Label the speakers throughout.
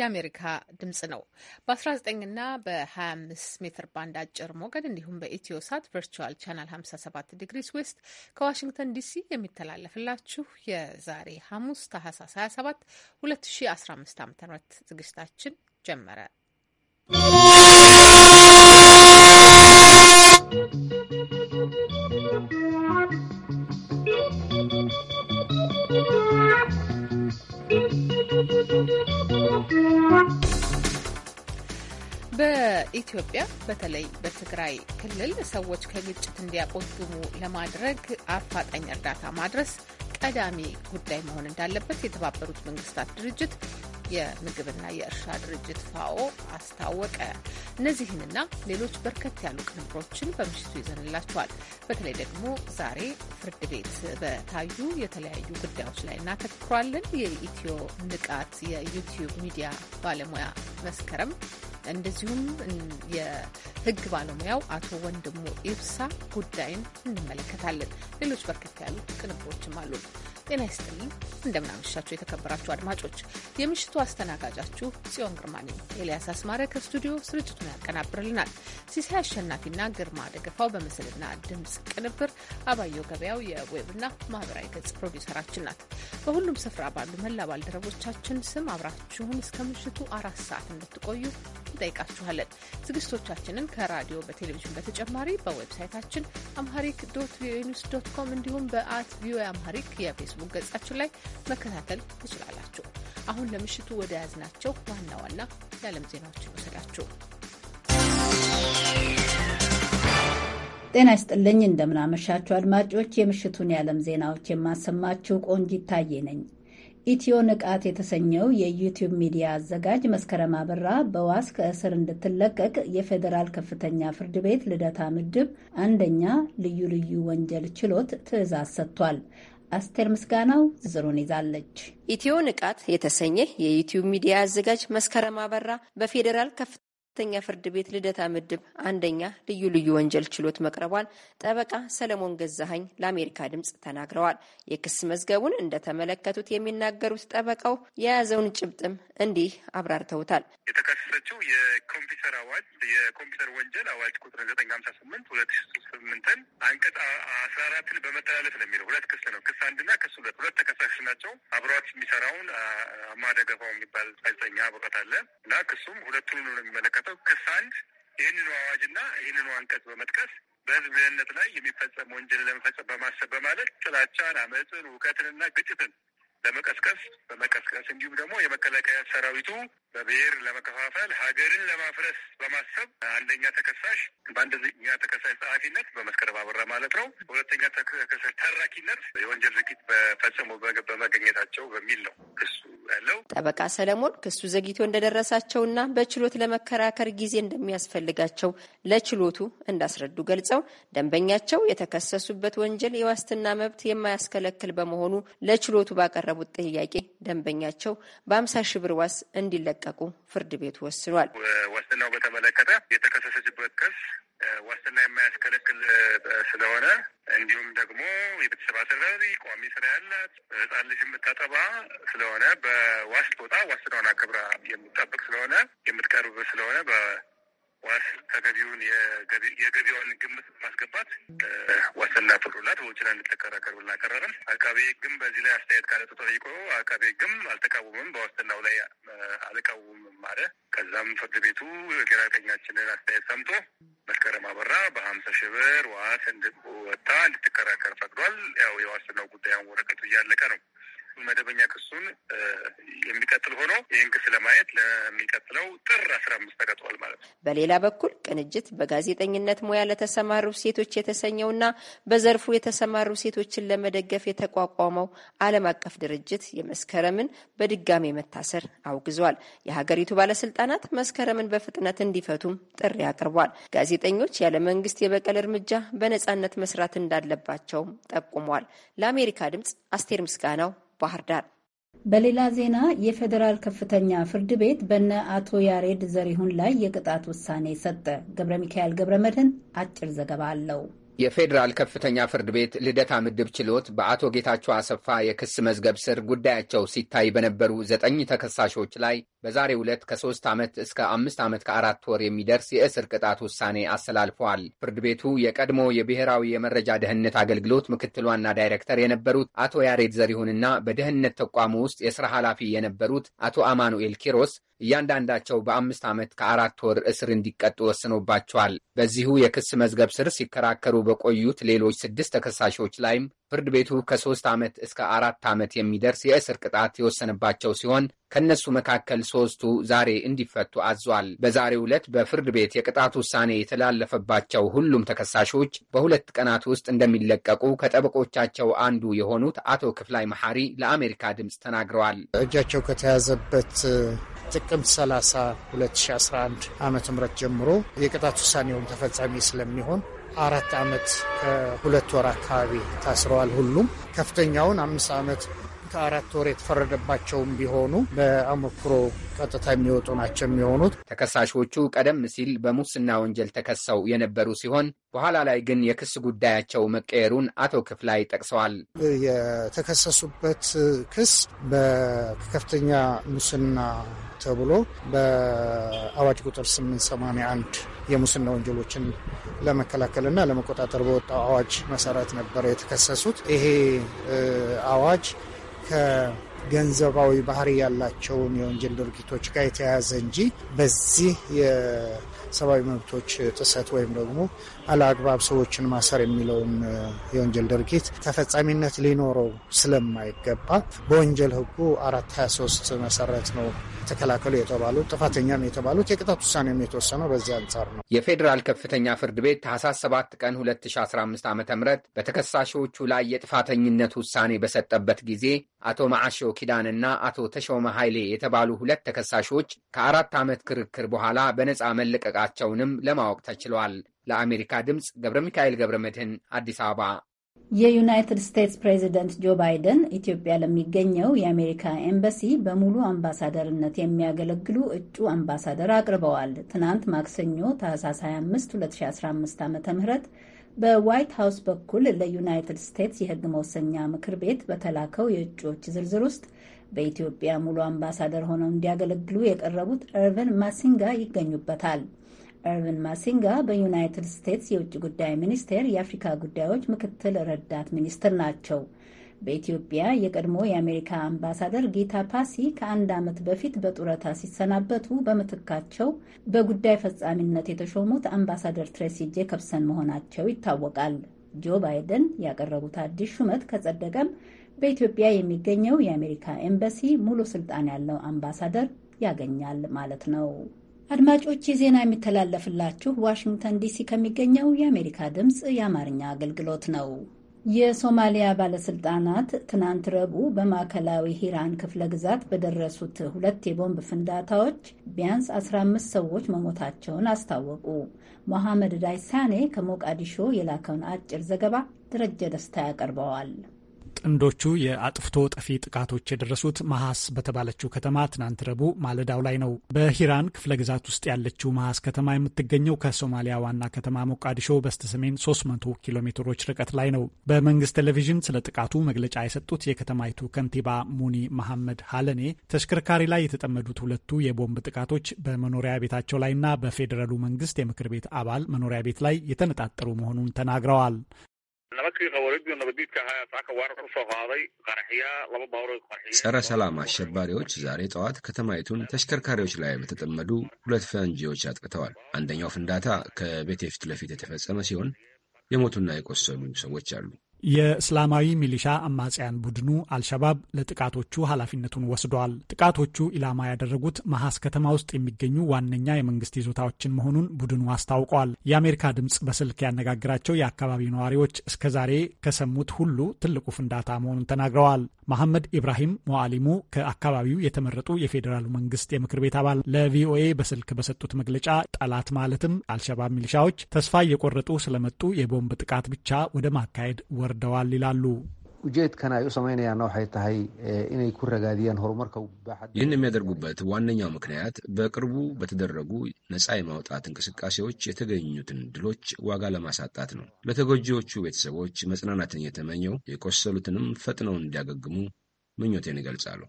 Speaker 1: የአሜሪካ ድምጽ ነው። በ19 ና በ25 ሜትር ባንድ አጭር ሞገድ እንዲሁም በኢትዮ ሳት ቨርቹዋል ቻናል 57 ዲግሪስ ዌስት ከዋሽንግተን ዲሲ የሚተላለፍላችሁ የዛሬ ሐሙስ ታህሳስ 27 2015 ዓ ም ዝግጅታችን ጀመረ። ¶¶ በኢትዮጵያ በተለይ በትግራይ ክልል ሰዎች ከግጭት እንዲያቆድሙ ለማድረግ አፋጣኝ እርዳታ ማድረስ ቀዳሚ ጉዳይ መሆን እንዳለበት የተባበሩት መንግስታት ድርጅት የምግብና የእርሻ ድርጅት ፋኦ አስታወቀ። እነዚህንና ሌሎች በርከት ያሉ ቅንብሮችን በምሽቱ ይዘንላቸዋል። በተለይ ደግሞ ዛሬ ፍርድ ቤት በታዩ የተለያዩ ጉዳዮች ላይ እናተኩራለን። የኢትዮ ንቃት የዩቲዩብ ሚዲያ ባለሙያ መስከረም እንደዚሁም የሕግ ባለሙያው አቶ ወንድሙ ኢብሳ ጉዳይን እንመለከታለን። ሌሎች በርከት ያሉ ቅንብሮችም አሉ። ጤና ይስጥልኝ። እንደምናመሻችሁ የተከበራችሁ አድማጮች፣ የምሽቱ አስተናጋጃችሁ ጽዮን ግርማ ነኝ። ኤልያስ አስማረ ከስቱዲዮ ስርጭቱን ያቀናብርልናል። ሲሳይ አሸናፊና ግርማ ደገፋው በምስልና ድምፅ ቅንብር፣ አባየው ገበያው የዌብና ማህበራዊ ገጽ ፕሮዲውሰራችን ናት። በሁሉም ስፍራ ባሉ መላ ባልደረቦቻችን ስም አብራችሁን እስከ ምሽቱ አራት ሰዓት እንድትቆዩ እንጠይቃችኋለን። ዝግጅቶቻችንን ከራዲዮ በቴሌቪዥን በተጨማሪ በዌብሳይታችን አምሃሪክ ዶት ቪኦኤ ኒውስ ዶት ኮም እንዲሁም በአት ቪኦኤ አምሃሪክ የፌስ በፌስቡክ ገጻችን ላይ መከታተል ትችላላችሁ። አሁን ለምሽቱ ወደ ያዝናቸው ዋና ዋና የዓለም ዜናዎች ይወሰዳችሁ።
Speaker 2: ጤና ይስጥልኝ፣ እንደምናመሻችሁ አድማጮች። የምሽቱን የዓለም ዜናዎች የማሰማችሁ ቆንጅ ይታየ ነኝ። ኢትዮ ንቃት የተሰኘው የዩቲዩብ ሚዲያ አዘጋጅ መስከረም አበራ በዋስ ከእስር እንድትለቀቅ የፌዴራል ከፍተኛ ፍርድ ቤት ልደታ ምድብ አንደኛ ልዩ ልዩ ወንጀል
Speaker 3: ችሎት ትዕዛዝ ሰጥቷል። አስቴር ምስጋናው ዝርዝሩን ይዛለች። ኢትዮ ንቃት የተሰኘ የዩቲዩብ ሚዲያ አዘጋጅ መስከረም አበራ በፌዴራል ከፍ ከፍተኛ ፍርድ ቤት ልደታ ምድብ አንደኛ ልዩ ልዩ ወንጀል ችሎት መቅረቧን ጠበቃ ሰለሞን ገዛሀኝ ለአሜሪካ ድምጽ ተናግረዋል። የክስ መዝገቡን እንደተመለከቱት የሚናገሩት ጠበቃው የያዘውን ጭብጥም እንዲህ አብራርተውታል። የተከሰሰችው የኮምፒውተር አዋጅ የኮምፒውተር ወንጀል አዋጅ ቁጥር ዘጠኝ ሀምሳ ስምንት ሁለት
Speaker 4: ሺ ስምንትን አንቀጽ አስራ አራትን በመተላለፍ ነው የሚለው ሁለት ክስ ነው። ክስ አንድና ክስ ሁለት ሁለት ተከሳሽ ናቸው። አብሯት የሚሰራውን አማደገፋው የሚባል ጋዜጠኛ አብሯት አለ እና ክሱም ሁለቱን ነው የሚመለከት የተመለከተው ክስ አንድ ይህንኑ አዋጅና ይህንኑ አንቀጽ በመጥቀስ በህዝብ ደህንነት ላይ የሚፈጸም ወንጀል ለመፈጸም በማሰብ በማለት ጥላቻን፣ አመፅን፣ እውከትንና ግጭትን ለመቀስቀስ በመቀስቀስ እንዲሁም ደግሞ የመከላከያ ሰራዊቱ በብሔር ለመከፋፈል ሀገርን ለማፍረስ በማሰብ አንደኛ ተከሳሽ በአንደኛ ተከሳሽ ጸሐፊነት በመስከረም አበራ ማለት ነው፣ ሁለተኛ ተከሳሽ ተራኪነት የወንጀል ድርጊት በፈጽሞ
Speaker 3: በመገኘታቸው በሚል ነው ክሱ ያለው። ጠበቃ ሰለሞን ክሱ ዘግይቶ እንደደረሳቸውና በችሎት ለመከራከር ጊዜ እንደሚያስፈልጋቸው ለችሎቱ እንዳስረዱ ገልጸው ደንበኛቸው የተከሰሱበት ወንጀል የዋስትና መብት የማያስከለክል በመሆኑ ለችሎቱ ባቀረቡት ጥያቄ ደንበኛቸው በ50 ሺህ ብር ዋስ እንዲለቀ እንዲለቀቁ ፍርድ ቤቱ ወስኗል። ዋስትናው በተመለከተ
Speaker 4: የተከሰሰችበት ክስ ዋስትና የማያስከለክል ስለሆነ እንዲሁም ደግሞ የቤተሰብ አሰራሪ ቋሚ ስራ ያላት ሕፃን ልጅ የምታጠባ ስለሆነ በዋስት ወጣ ዋስትናውን አክብራ የምትጠብቅ ስለሆነ የምትቀርብ ስለሆነ ዋስ ተገቢውን የገቢዋን ግምት በማስገባት ዋስትና ፈቅዶላት በውችላ እንድትከራከር ብላ ቀረብን። አቃቤ ሕግም በዚህ ላይ አስተያየት ካለ ተጠይቆ አቃቤ ሕግም አልተቃወምም፣ በዋስትናው ላይ አልቃወምም አለ። ከዛም ፍርድ ቤቱ ግራ ቀኛችንን አስተያየት ሰምቶ መስከረም አበራ በሀምሳ ሺህ ብር ዋስ እንድወጣ እንድትከራከር ፈቅዷል። ያው የዋስትናው ጉዳይ ወረቀቱ እያለቀ ነው። መደበኛ ክሱን የሚቀጥል ሆኖ ይህን ክስ ለማየት
Speaker 3: ለሚቀጥለው ጥር አስራ አምስት ተቀጥሯል ማለት ነው። በሌላ በኩል ቅንጅት በጋዜጠኝነት ሙያ ለተሰማሩ ሴቶች የተሰኘውና በዘርፉ የተሰማሩ ሴቶችን ለመደገፍ የተቋቋመው ዓለም አቀፍ ድርጅት የመስከረምን በድጋሜ መታሰር አውግዟል። የሀገሪቱ ባለስልጣናት መስከረምን በፍጥነት እንዲፈቱም ጥሪ አቅርቧል። ጋዜጠኞች ያለ መንግስት የበቀል እርምጃ በነጻነት መስራት እንዳለባቸውም ጠቁሟል። ለአሜሪካ ድምጽ አስቴር ምስጋናው ባህር ዳር።
Speaker 2: በሌላ ዜና የፌዴራል ከፍተኛ ፍርድ ቤት በነ አቶ ያሬድ ዘሪሁን ላይ የቅጣት ውሳኔ ሰጠ። ገብረ ሚካኤል ገብረ መድህን አጭር ዘገባ አለው።
Speaker 5: የፌዴራል ከፍተኛ ፍርድ ቤት ልደታ ምድብ ችሎት በአቶ ጌታቸው አሰፋ የክስ መዝገብ ስር ጉዳያቸው ሲታይ በነበሩ ዘጠኝ ተከሳሾች ላይ በዛሬ ዕለት ከሶስት ዓመት እስከ አምስት ዓመት ከአራት ወር የሚደርስ የእስር ቅጣት ውሳኔ አስተላልፈዋል። ፍርድ ቤቱ የቀድሞ የብሔራዊ የመረጃ ደህንነት አገልግሎት ምክትል ዋና ዳይሬክተር የነበሩት አቶ ያሬድ ዘሪሁንና በደህንነት ተቋሙ ውስጥ የሥራ ኃላፊ የነበሩት አቶ አማኑኤል ኪሮስ እያንዳንዳቸው በአምስት ዓመት ከአራት ወር እስር እንዲቀጡ ወስኖባቸዋል። በዚሁ የክስ መዝገብ ስር ሲከራከሩ በቆዩት ሌሎች ስድስት ተከሳሾች ላይም ፍርድ ቤቱ ከሶስት ዓመት እስከ አራት ዓመት የሚደርስ የእስር ቅጣት የወሰነባቸው ሲሆን ከእነሱ መካከል ሶስቱ ዛሬ እንዲፈቱ አዟል። በዛሬው ዕለት በፍርድ ቤት የቅጣት ውሳኔ የተላለፈባቸው ሁሉም ተከሳሾች በሁለት ቀናት ውስጥ እንደሚለቀቁ ከጠበቆቻቸው አንዱ የሆኑት አቶ ክፍላይ መሐሪ ለአሜሪካ ድምፅ ተናግረዋል። እጃቸው
Speaker 6: ከተያዘበት ጥቅምት 30 2011 ዓ ም ጀምሮ የቅጣት ውሳኔውም ተፈጻሚ ስለሚሆን አራት ዓመት ከሁለት ወር አካባቢ ታስረዋል። ሁሉም ከፍተኛውን አምስት ዓመት አራት ወር የተፈረደባቸውም ቢሆኑ በአመክሮ ቀጥታ የሚወጡ ናቸው የሚሆኑት።
Speaker 5: ተከሳሾቹ ቀደም ሲል በሙስና ወንጀል ተከሰው የነበሩ ሲሆን በኋላ ላይ ግን የክስ ጉዳያቸው መቀየሩን አቶ ክፍላይ ጠቅሰዋል።
Speaker 6: የተከሰሱበት ክስ በከፍተኛ ሙስና ተብሎ በአዋጅ ቁጥር 881 የሙስና ወንጀሎችን ለመከላከልና ለመቆጣጠር በወጣው አዋጅ መሰረት ነበረ የተከሰሱት። ይሄ አዋጅ ከገንዘባዊ ባህሪ ያላቸውን የወንጀል ድርጊቶች ጋር የተያያዘ እንጂ በዚህ የሰብአዊ መብቶች ጥሰት ወይም ደግሞ አለአግባብ ሰዎችን ማሰር የሚለውን የወንጀል ድርጊት ተፈጻሚነት ሊኖረው ስለማይገባ በወንጀል ህጉ አራት 23 መሰረት ነው ተከላከሉ የተባሉት ጥፋተኛም የተባሉት የቅጣት ውሳኔም የተወሰነው በዚህ አንጻር
Speaker 5: ነው። የፌዴራል ከፍተኛ ፍርድ ቤት ታህሳስ 7 ቀን 2015 ዓ ም በተከሳሾቹ ላይ የጥፋተኝነት ውሳኔ በሰጠበት ጊዜ አቶ ማዓሾ ኪዳንና አቶ ተሾመ ኃይሌ የተባሉ ሁለት ተከሳሾች ከአራት ዓመት ክርክር በኋላ በነፃ መለቀቃቸውንም ለማወቅ ተችሏል። ለአሜሪካ ድምፅ ገብረ ሚካኤል ገብረ መድህን አዲስ አበባ።
Speaker 2: የዩናይትድ ስቴትስ ፕሬዚደንት ጆ ባይደን ኢትዮጵያ ለሚገኘው የአሜሪካ ኤምባሲ በሙሉ አምባሳደርነት የሚያገለግሉ እጩ አምባሳደር አቅርበዋል። ትናንት ማክሰኞ ታህሳስ 25 2015 ዓ ም በዋይት ሀውስ በኩል ለዩናይትድ ስቴትስ የህግ መወሰኛ ምክር ቤት በተላከው የእጩዎች ዝርዝር ውስጥ በኢትዮጵያ ሙሉ አምባሳደር ሆነው እንዲያገለግሉ የቀረቡት እርቨን ማሲንጋ ይገኙበታል። ኤርቪን ማሲንጋ በዩናይትድ ስቴትስ የውጭ ጉዳይ ሚኒስቴር የአፍሪካ ጉዳዮች ምክትል ረዳት ሚኒስትር ናቸው። በኢትዮጵያ የቀድሞ የአሜሪካ አምባሳደር ጌታ ፓሲ ከአንድ ዓመት በፊት በጡረታ ሲሰናበቱ በምትካቸው በጉዳይ ፈጻሚነት የተሾሙት አምባሳደር ትሬሲ ጄኮብሰን መሆናቸው ይታወቃል። ጆ ባይደን ያቀረቡት አዲስ ሹመት ከጸደቀም በኢትዮጵያ የሚገኘው የአሜሪካ ኤምባሲ ሙሉ ስልጣን ያለው አምባሳደር ያገኛል ማለት ነው። አድማጮች ዜና የሚተላለፍላችሁ ዋሽንግተን ዲሲ ከሚገኘው የአሜሪካ ድምፅ የአማርኛ አገልግሎት ነው። የሶማሊያ ባለስልጣናት ትናንት ረቡዕ በማዕከላዊ ሂራን ክፍለ ግዛት በደረሱት ሁለት የቦምብ ፍንዳታዎች ቢያንስ 15 ሰዎች መሞታቸውን አስታወቁ። ሞሐመድ ዳይሳኔ ከሞቃዲሾ የላከውን አጭር ዘገባ ደረጀ ደስታ ያቀርበዋል።
Speaker 7: ጥንዶቹ የአጥፍቶ ጠፊ ጥቃቶች የደረሱት መሐስ በተባለችው ከተማ ትናንት ረቡዕ ማለዳው ላይ ነው። በሂራን ክፍለ ግዛት ውስጥ ያለችው መሐስ ከተማ የምትገኘው ከሶማሊያ ዋና ከተማ ሞቃዲሾ በስተሰሜን 300 ኪሎ ሜትሮች ርቀት ላይ ነው። በመንግስት ቴሌቪዥን ስለ ጥቃቱ መግለጫ የሰጡት የከተማይቱ ከንቲባ ሙኒ መሐመድ ሀለኔ ተሽከርካሪ ላይ የተጠመዱት ሁለቱ የቦምብ ጥቃቶች በመኖሪያ ቤታቸው ላይና በፌዴራሉ መንግስት የምክር ቤት አባል መኖሪያ ቤት ላይ የተነጣጠሩ መሆኑን ተናግረዋል።
Speaker 8: ጸረ ሰላም አሸባሪዎች ዛሬ ጠዋት ከተማይቱን ተሽከርካሪዎች ላይ በተጠመዱ ሁለት ፈንጂዎች አጥቅተዋል። አንደኛው ፍንዳታ ከቤቴ ፊት ለፊት የተፈጸመ ሲሆን የሞቱና የቆሰሉ ሰዎች አሉ።
Speaker 7: የእስላማዊ ሚሊሻ አማጽያን ቡድኑ አልሸባብ ለጥቃቶቹ ኃላፊነቱን ወስደዋል። ጥቃቶቹ ኢላማ ያደረጉት መሐስ ከተማ ውስጥ የሚገኙ ዋነኛ የመንግስት ይዞታዎችን መሆኑን ቡድኑ አስታውቋል። የአሜሪካ ድምፅ በስልክ ያነጋግራቸው የአካባቢው ነዋሪዎች እስከዛሬ ከሰሙት ሁሉ ትልቁ ፍንዳታ መሆኑን ተናግረዋል። መሐመድ ኢብራሂም ሞዓሊሙ ከአካባቢው የተመረጡ የፌዴራሉ መንግስት የምክር ቤት አባል ለቪኦኤ በስልክ በሰጡት መግለጫ ጠላት ማለትም አልሸባብ ሚሊሻዎች ተስፋ እየቆረጡ ስለመጡ የቦምብ ጥቃት ብቻ ወደ ማካሄድ ወር ወርደዋል
Speaker 6: ይላሉ።
Speaker 8: ይህን የሚያደርጉበት ዋነኛው ምክንያት በቅርቡ በተደረጉ ነጻ የማውጣት እንቅስቃሴዎች የተገኙትን ድሎች ዋጋ ለማሳጣት ነው። ለተጎጂዎቹ ቤተሰቦች መጽናናትን የተመኘው የቆሰሉትንም ፈጥነው እንዲያገግሙ ምኞቴን ይገልጻሉ።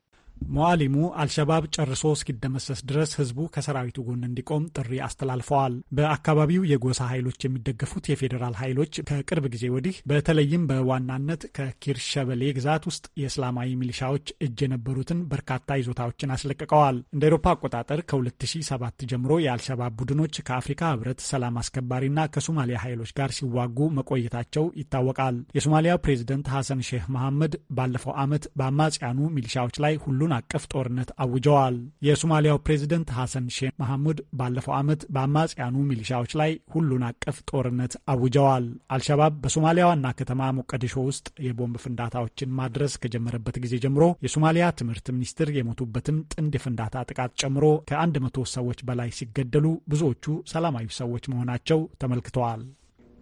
Speaker 7: ሞዓሊሙ አልሸባብ ጨርሶ እስኪደመሰስ ድረስ ህዝቡ ከሰራዊቱ ጎን እንዲቆም ጥሪ አስተላልፈዋል። በአካባቢው የጎሳ ኃይሎች የሚደገፉት የፌዴራል ኃይሎች ከቅርብ ጊዜ ወዲህ በተለይም በዋናነት ከኪርሸበሌ ግዛት ውስጥ የእስላማዊ ሚሊሻዎች እጅ የነበሩትን በርካታ ይዞታዎችን አስለቅቀዋል። እንደ ኤሮፓ አቆጣጠር ከ2007 ጀምሮ የአልሸባብ ቡድኖች ከአፍሪካ ህብረት ሰላም አስከባሪና ከሶማሊያ ኃይሎች ጋር ሲዋጉ መቆየታቸው ይታወቃል። የሶማሊያ ፕሬዚደንት ሐሰን ሼህ መሐመድ ባለፈው ዓመት በአማጽያኑ ሚሊሻዎች ላይ ሁሉ ሁሉን አቀፍ ጦርነት አውጀዋል። የሶማሊያው ፕሬዚደንት ሐሰን ሼህ መሐሙድ ባለፈው ዓመት በአማጽያኑ ሚሊሻዎች ላይ ሁሉን አቀፍ ጦርነት አውጀዋል። አልሸባብ በሶማሊያ ዋና ከተማ ሞቃዲሾ ውስጥ የቦምብ ፍንዳታዎችን ማድረስ ከጀመረበት ጊዜ ጀምሮ የሶማሊያ ትምህርት ሚኒስትር የሞቱበትን ጥንድ የፍንዳታ ጥቃት ጨምሮ ከአንድ መቶ ሰዎች በላይ ሲገደሉ ብዙዎቹ ሰላማዊ ሰዎች መሆናቸው ተመልክተዋል።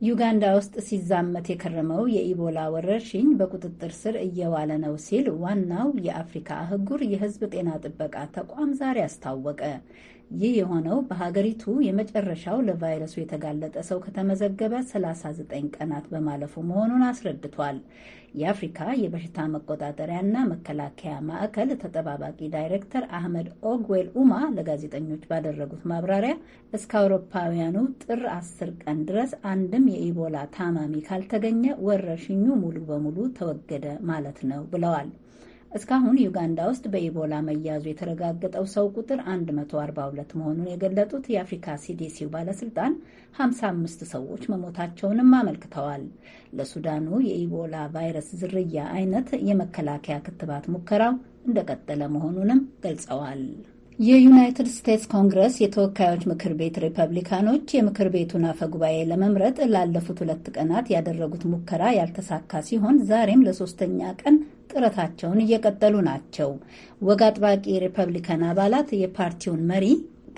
Speaker 2: ዩጋንዳ ውስጥ ሲዛመት የከረመው የኢቦላ ወረርሽኝ በቁጥጥር ስር እየዋለ ነው ሲል ዋናው የአፍሪካ አህጉር የሕዝብ ጤና ጥበቃ ተቋም ዛሬ አስታወቀ። ይህ የሆነው በሀገሪቱ የመጨረሻው ለቫይረሱ የተጋለጠ ሰው ከተመዘገበ 39 ቀናት በማለፉ መሆኑን አስረድቷል። የአፍሪካ የበሽታ መቆጣጠሪያና መከላከያ ማዕከል ተጠባባቂ ዳይሬክተር አህመድ ኦግዌል ኡማ ለጋዜጠኞች ባደረጉት ማብራሪያ እስከ አውሮፓውያኑ ጥር አስር ቀን ድረስ አንድም የኢቦላ ታማሚ ካልተገኘ ወረርሽኙ ሙሉ በሙሉ ተወገደ ማለት ነው ብለዋል። እስካሁን ዩጋንዳ ውስጥ በኢቦላ መያዙ የተረጋገጠው ሰው ቁጥር 142 መሆኑን የገለጡት የአፍሪካ ሲዲሲው ባለስልጣን 55 ሰዎች መሞታቸውንም አመልክተዋል። ለሱዳኑ የኢቦላ ቫይረስ ዝርያ አይነት የመከላከያ ክትባት ሙከራው እንደቀጠለ መሆኑንም ገልጸዋል። የዩናይትድ ስቴትስ ኮንግረስ የተወካዮች ምክር ቤት ሪፐብሊካኖች የምክር ቤቱን አፈ ጉባኤ ለመምረጥ ላለፉት ሁለት ቀናት ያደረጉት ሙከራ ያልተሳካ ሲሆን ዛሬም ለሶስተኛ ቀን ጥረታቸውን እየቀጠሉ ናቸው። ወግ አጥባቂ ሪፐብሊካን አባላት የፓርቲውን መሪ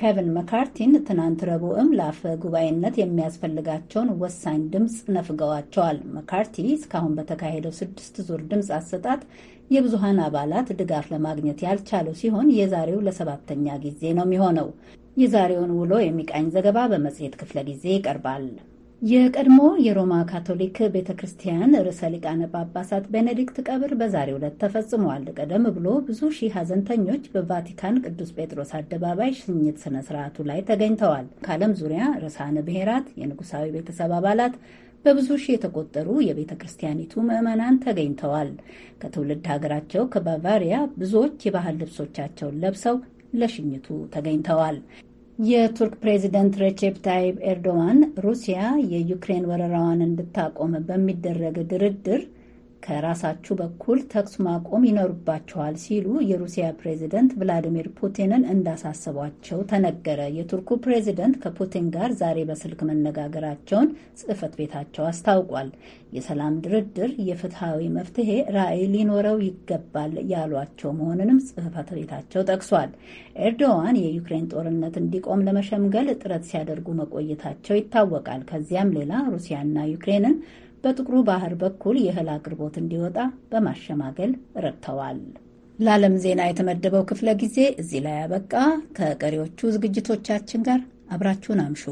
Speaker 2: ኬቪን መካርቲን ትናንት ረቡዕም ለአፈ ጉባኤነት የሚያስፈልጋቸውን ወሳኝ ድምፅ ነፍገዋቸዋል። መካርቲ እስካሁን በተካሄደው ስድስት ዙር ድምፅ አሰጣት የብዙሀን አባላት ድጋፍ ለማግኘት ያልቻሉ ሲሆን የዛሬው ለሰባተኛ ጊዜ ነው የሚሆነው። የዛሬውን ውሎ የሚቃኝ ዘገባ በመጽሔት ክፍለ ጊዜ ይቀርባል። የቀድሞ የሮማ ካቶሊክ ቤተ ክርስቲያን ርዕሰ ሊቃነ ጳጳሳት ቤኔዲክት ቀብር በዛሬው ዕለት ተፈጽሟል። ቀደም ብሎ ብዙ ሺህ ሀዘንተኞች በቫቲካን ቅዱስ ጴጥሮስ አደባባይ ሽኝት ስነ ስርዓቱ ላይ ተገኝተዋል። ከዓለም ዙሪያ ርዕሳነ ብሔራት፣ የንጉሳዊ ቤተሰብ አባላት በብዙ ሺህ የተቆጠሩ የቤተ ክርስቲያኒቱ ምዕመናን ተገኝተዋል። ከትውልድ ሀገራቸው ከባቫሪያ ብዙዎች የባህል ልብሶቻቸውን ለብሰው ለሽኝቱ ተገኝተዋል። የቱርክ ፕሬዚደንት ሬቼፕ ታይፕ ኤርዶዋን ሩሲያ የዩክሬን ወረራዋን እንድታቆም በሚደረግ ድርድር ከራሳችሁ በኩል ተኩስ ማቆም ይኖርባችኋል ሲሉ የሩሲያ ፕሬዚደንት ቭላዲሚር ፑቲንን እንዳሳሰቧቸው ተነገረ። የቱርኩ ፕሬዚደንት ከፑቲን ጋር ዛሬ በስልክ መነጋገራቸውን ጽህፈት ቤታቸው አስታውቋል። የሰላም ድርድር የፍትሐዊ መፍትሄ ራዕይ ሊኖረው ይገባል ያሏቸው መሆንንም ጽህፈት ቤታቸው ጠቅሷል። ኤርዶዋን የዩክሬን ጦርነት እንዲቆም ለመሸምገል ጥረት ሲያደርጉ መቆየታቸው ይታወቃል። ከዚያም ሌላ ሩሲያና ዩክሬንን በጥቁሩ ባህር በኩል የእህል አቅርቦት እንዲወጣ በማሸማገል ረድተዋል። ለዓለም ዜና የተመደበው ክፍለ ጊዜ እዚህ ላይ አበቃ። ከቀሪዎቹ ዝግጅቶቻችን ጋር አብራችሁን አምሹ።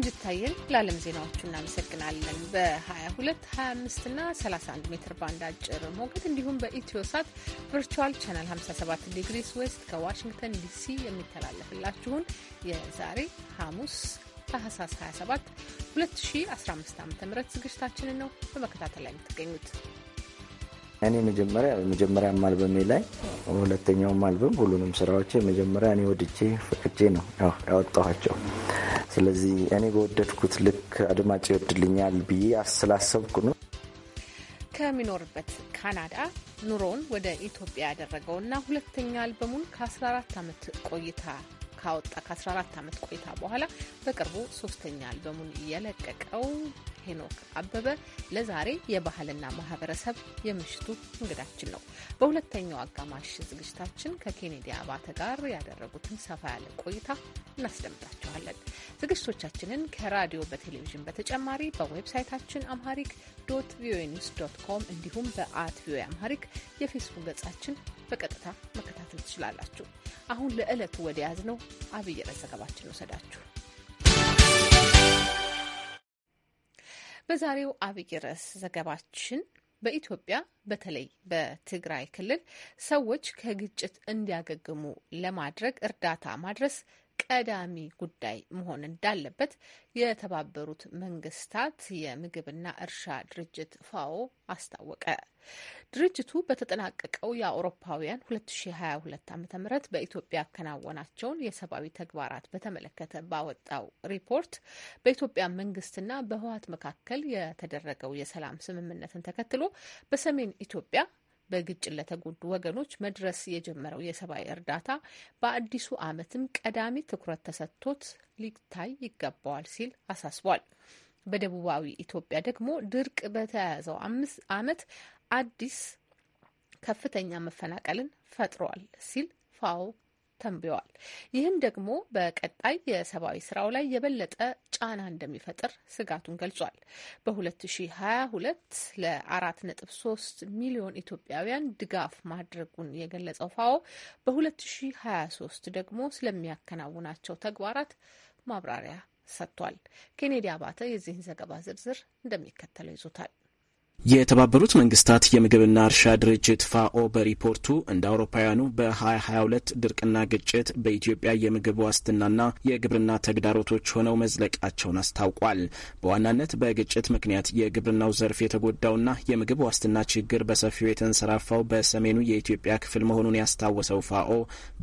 Speaker 1: ቆንጅታየን ለዓለም ዜናዎቹ እናመሰግናለን። በ22፣ 25 እና 31 ሜትር ባንድ አጭር ሞገድ እንዲሁም በኢትዮ ሳት ቨርቹዋል ቻናል 57 ዲግሪስ ዌስት ከዋሽንግተን ዲሲ የሚተላለፍላችሁን የዛሬ ሐሙስ ታህሳስ 27 2015 ዓ ም ዝግጅታችንን ነው በመከታተል ላይ የምትገኙት።
Speaker 9: እኔ መጀመሪያ መጀመሪያ አልበሜ ላይ ሁለተኛውም አልበም ሁሉንም ስራዎች መጀመሪያ እኔ ወድጄ ፈቅጄ ነው ያወጣኋቸው። ስለዚህ እኔ በወደድኩት ልክ አድማጭ ይወድልኛል ብዬ አስላሰብኩ ነው።
Speaker 1: ከሚኖርበት ካናዳ ኑሮውን ወደ ኢትዮጵያ ያደረገውና ሁለተኛ አልበሙን ከ14 ዓመት ቆይታ ካወጣ ከ14 ዓመት ቆይታ በኋላ በቅርቡ ሶስተኛ አልበሙን የለቀቀው ሄኖክ አበበ ለዛሬ የባህልና ማህበረሰብ የምሽቱ እንግዳችን ነው። በሁለተኛው አጋማሽ ዝግጅታችን ከኬኔዲ አባተ ጋር ያደረጉትን ሰፋ ያለ ቆይታ እናስደምጣችኋለን። ዝግጅቶቻችንን ከራዲዮ በቴሌቪዥን በተጨማሪ በዌብሳይታችን አምሃሪክ ዶት ቪኦኤ ኒውስ ዶት ኮም እንዲሁም በአት ቪኦኤ አምሃሪክ የፌስቡክ ገጻችን በቀጥታ መከታተል ትችላላችሁ። አሁን ለዕለቱ ወደ ያዝ ነው አብይ ርዕስ ዘገባችን ወሰዳችሁ። በዛሬው አብይ ርዕስ ዘገባችን በኢትዮጵያ በተለይ በትግራይ ክልል ሰዎች ከግጭት እንዲያገግሙ ለማድረግ እርዳታ ማድረስ ቀዳሚ ጉዳይ መሆን እንዳለበት የተባበሩት መንግስታት የምግብና እርሻ ድርጅት ፋኦ አስታወቀ። ድርጅቱ በተጠናቀቀው የአውሮፓውያን 2022 ዓ ም በኢትዮጵያ ያከናወናቸውን የሰብአዊ ተግባራት በተመለከተ ባወጣው ሪፖርት በኢትዮጵያ መንግስትና በህወሓት መካከል የተደረገው የሰላም ስምምነትን ተከትሎ በሰሜን ኢትዮጵያ በግጭት ለተጎዱ ወገኖች መድረስ የጀመረው የሰብአዊ እርዳታ በአዲሱ ዓመትም ቀዳሚ ትኩረት ተሰጥቶት ሊታይ ይገባዋል ሲል አሳስቧል። በደቡባዊ ኢትዮጵያ ደግሞ ድርቅ በተያያዘው አምስት ዓመት አዲስ ከፍተኛ መፈናቀልን ፈጥሯል ሲል ፋኦ ተንብየዋል። ይህም ደግሞ በቀጣይ የሰብአዊ ስራው ላይ የበለጠ ጫና እንደሚፈጥር ስጋቱን ገልጿል። በ2022 ለ4.3 ሚሊዮን ኢትዮጵያውያን ድጋፍ ማድረጉን የገለጸው ፋኦ በ2023 ደግሞ ስለሚያከናውናቸው ተግባራት ማብራሪያ ሰጥቷል። ኬኔዲ አባተ የዚህን ዘገባ ዝርዝር እንደሚከተለው ይዞታል።
Speaker 10: የተባበሩት መንግስታት የምግብና እርሻ ድርጅት ፋኦ በሪፖርቱ እንደ አውሮፓውያኑ በ2022 ድርቅና ግጭት በኢትዮጵያ የምግብ ዋስትናና የግብርና ተግዳሮቶች ሆነው መዝለቃቸውን አስታውቋል። በዋናነት በግጭት ምክንያት የግብርናው ዘርፍ የተጎዳውና የምግብ ዋስትና ችግር በሰፊው የተንሰራፋው በሰሜኑ የኢትዮጵያ ክፍል መሆኑን ያስታወሰው ፋኦ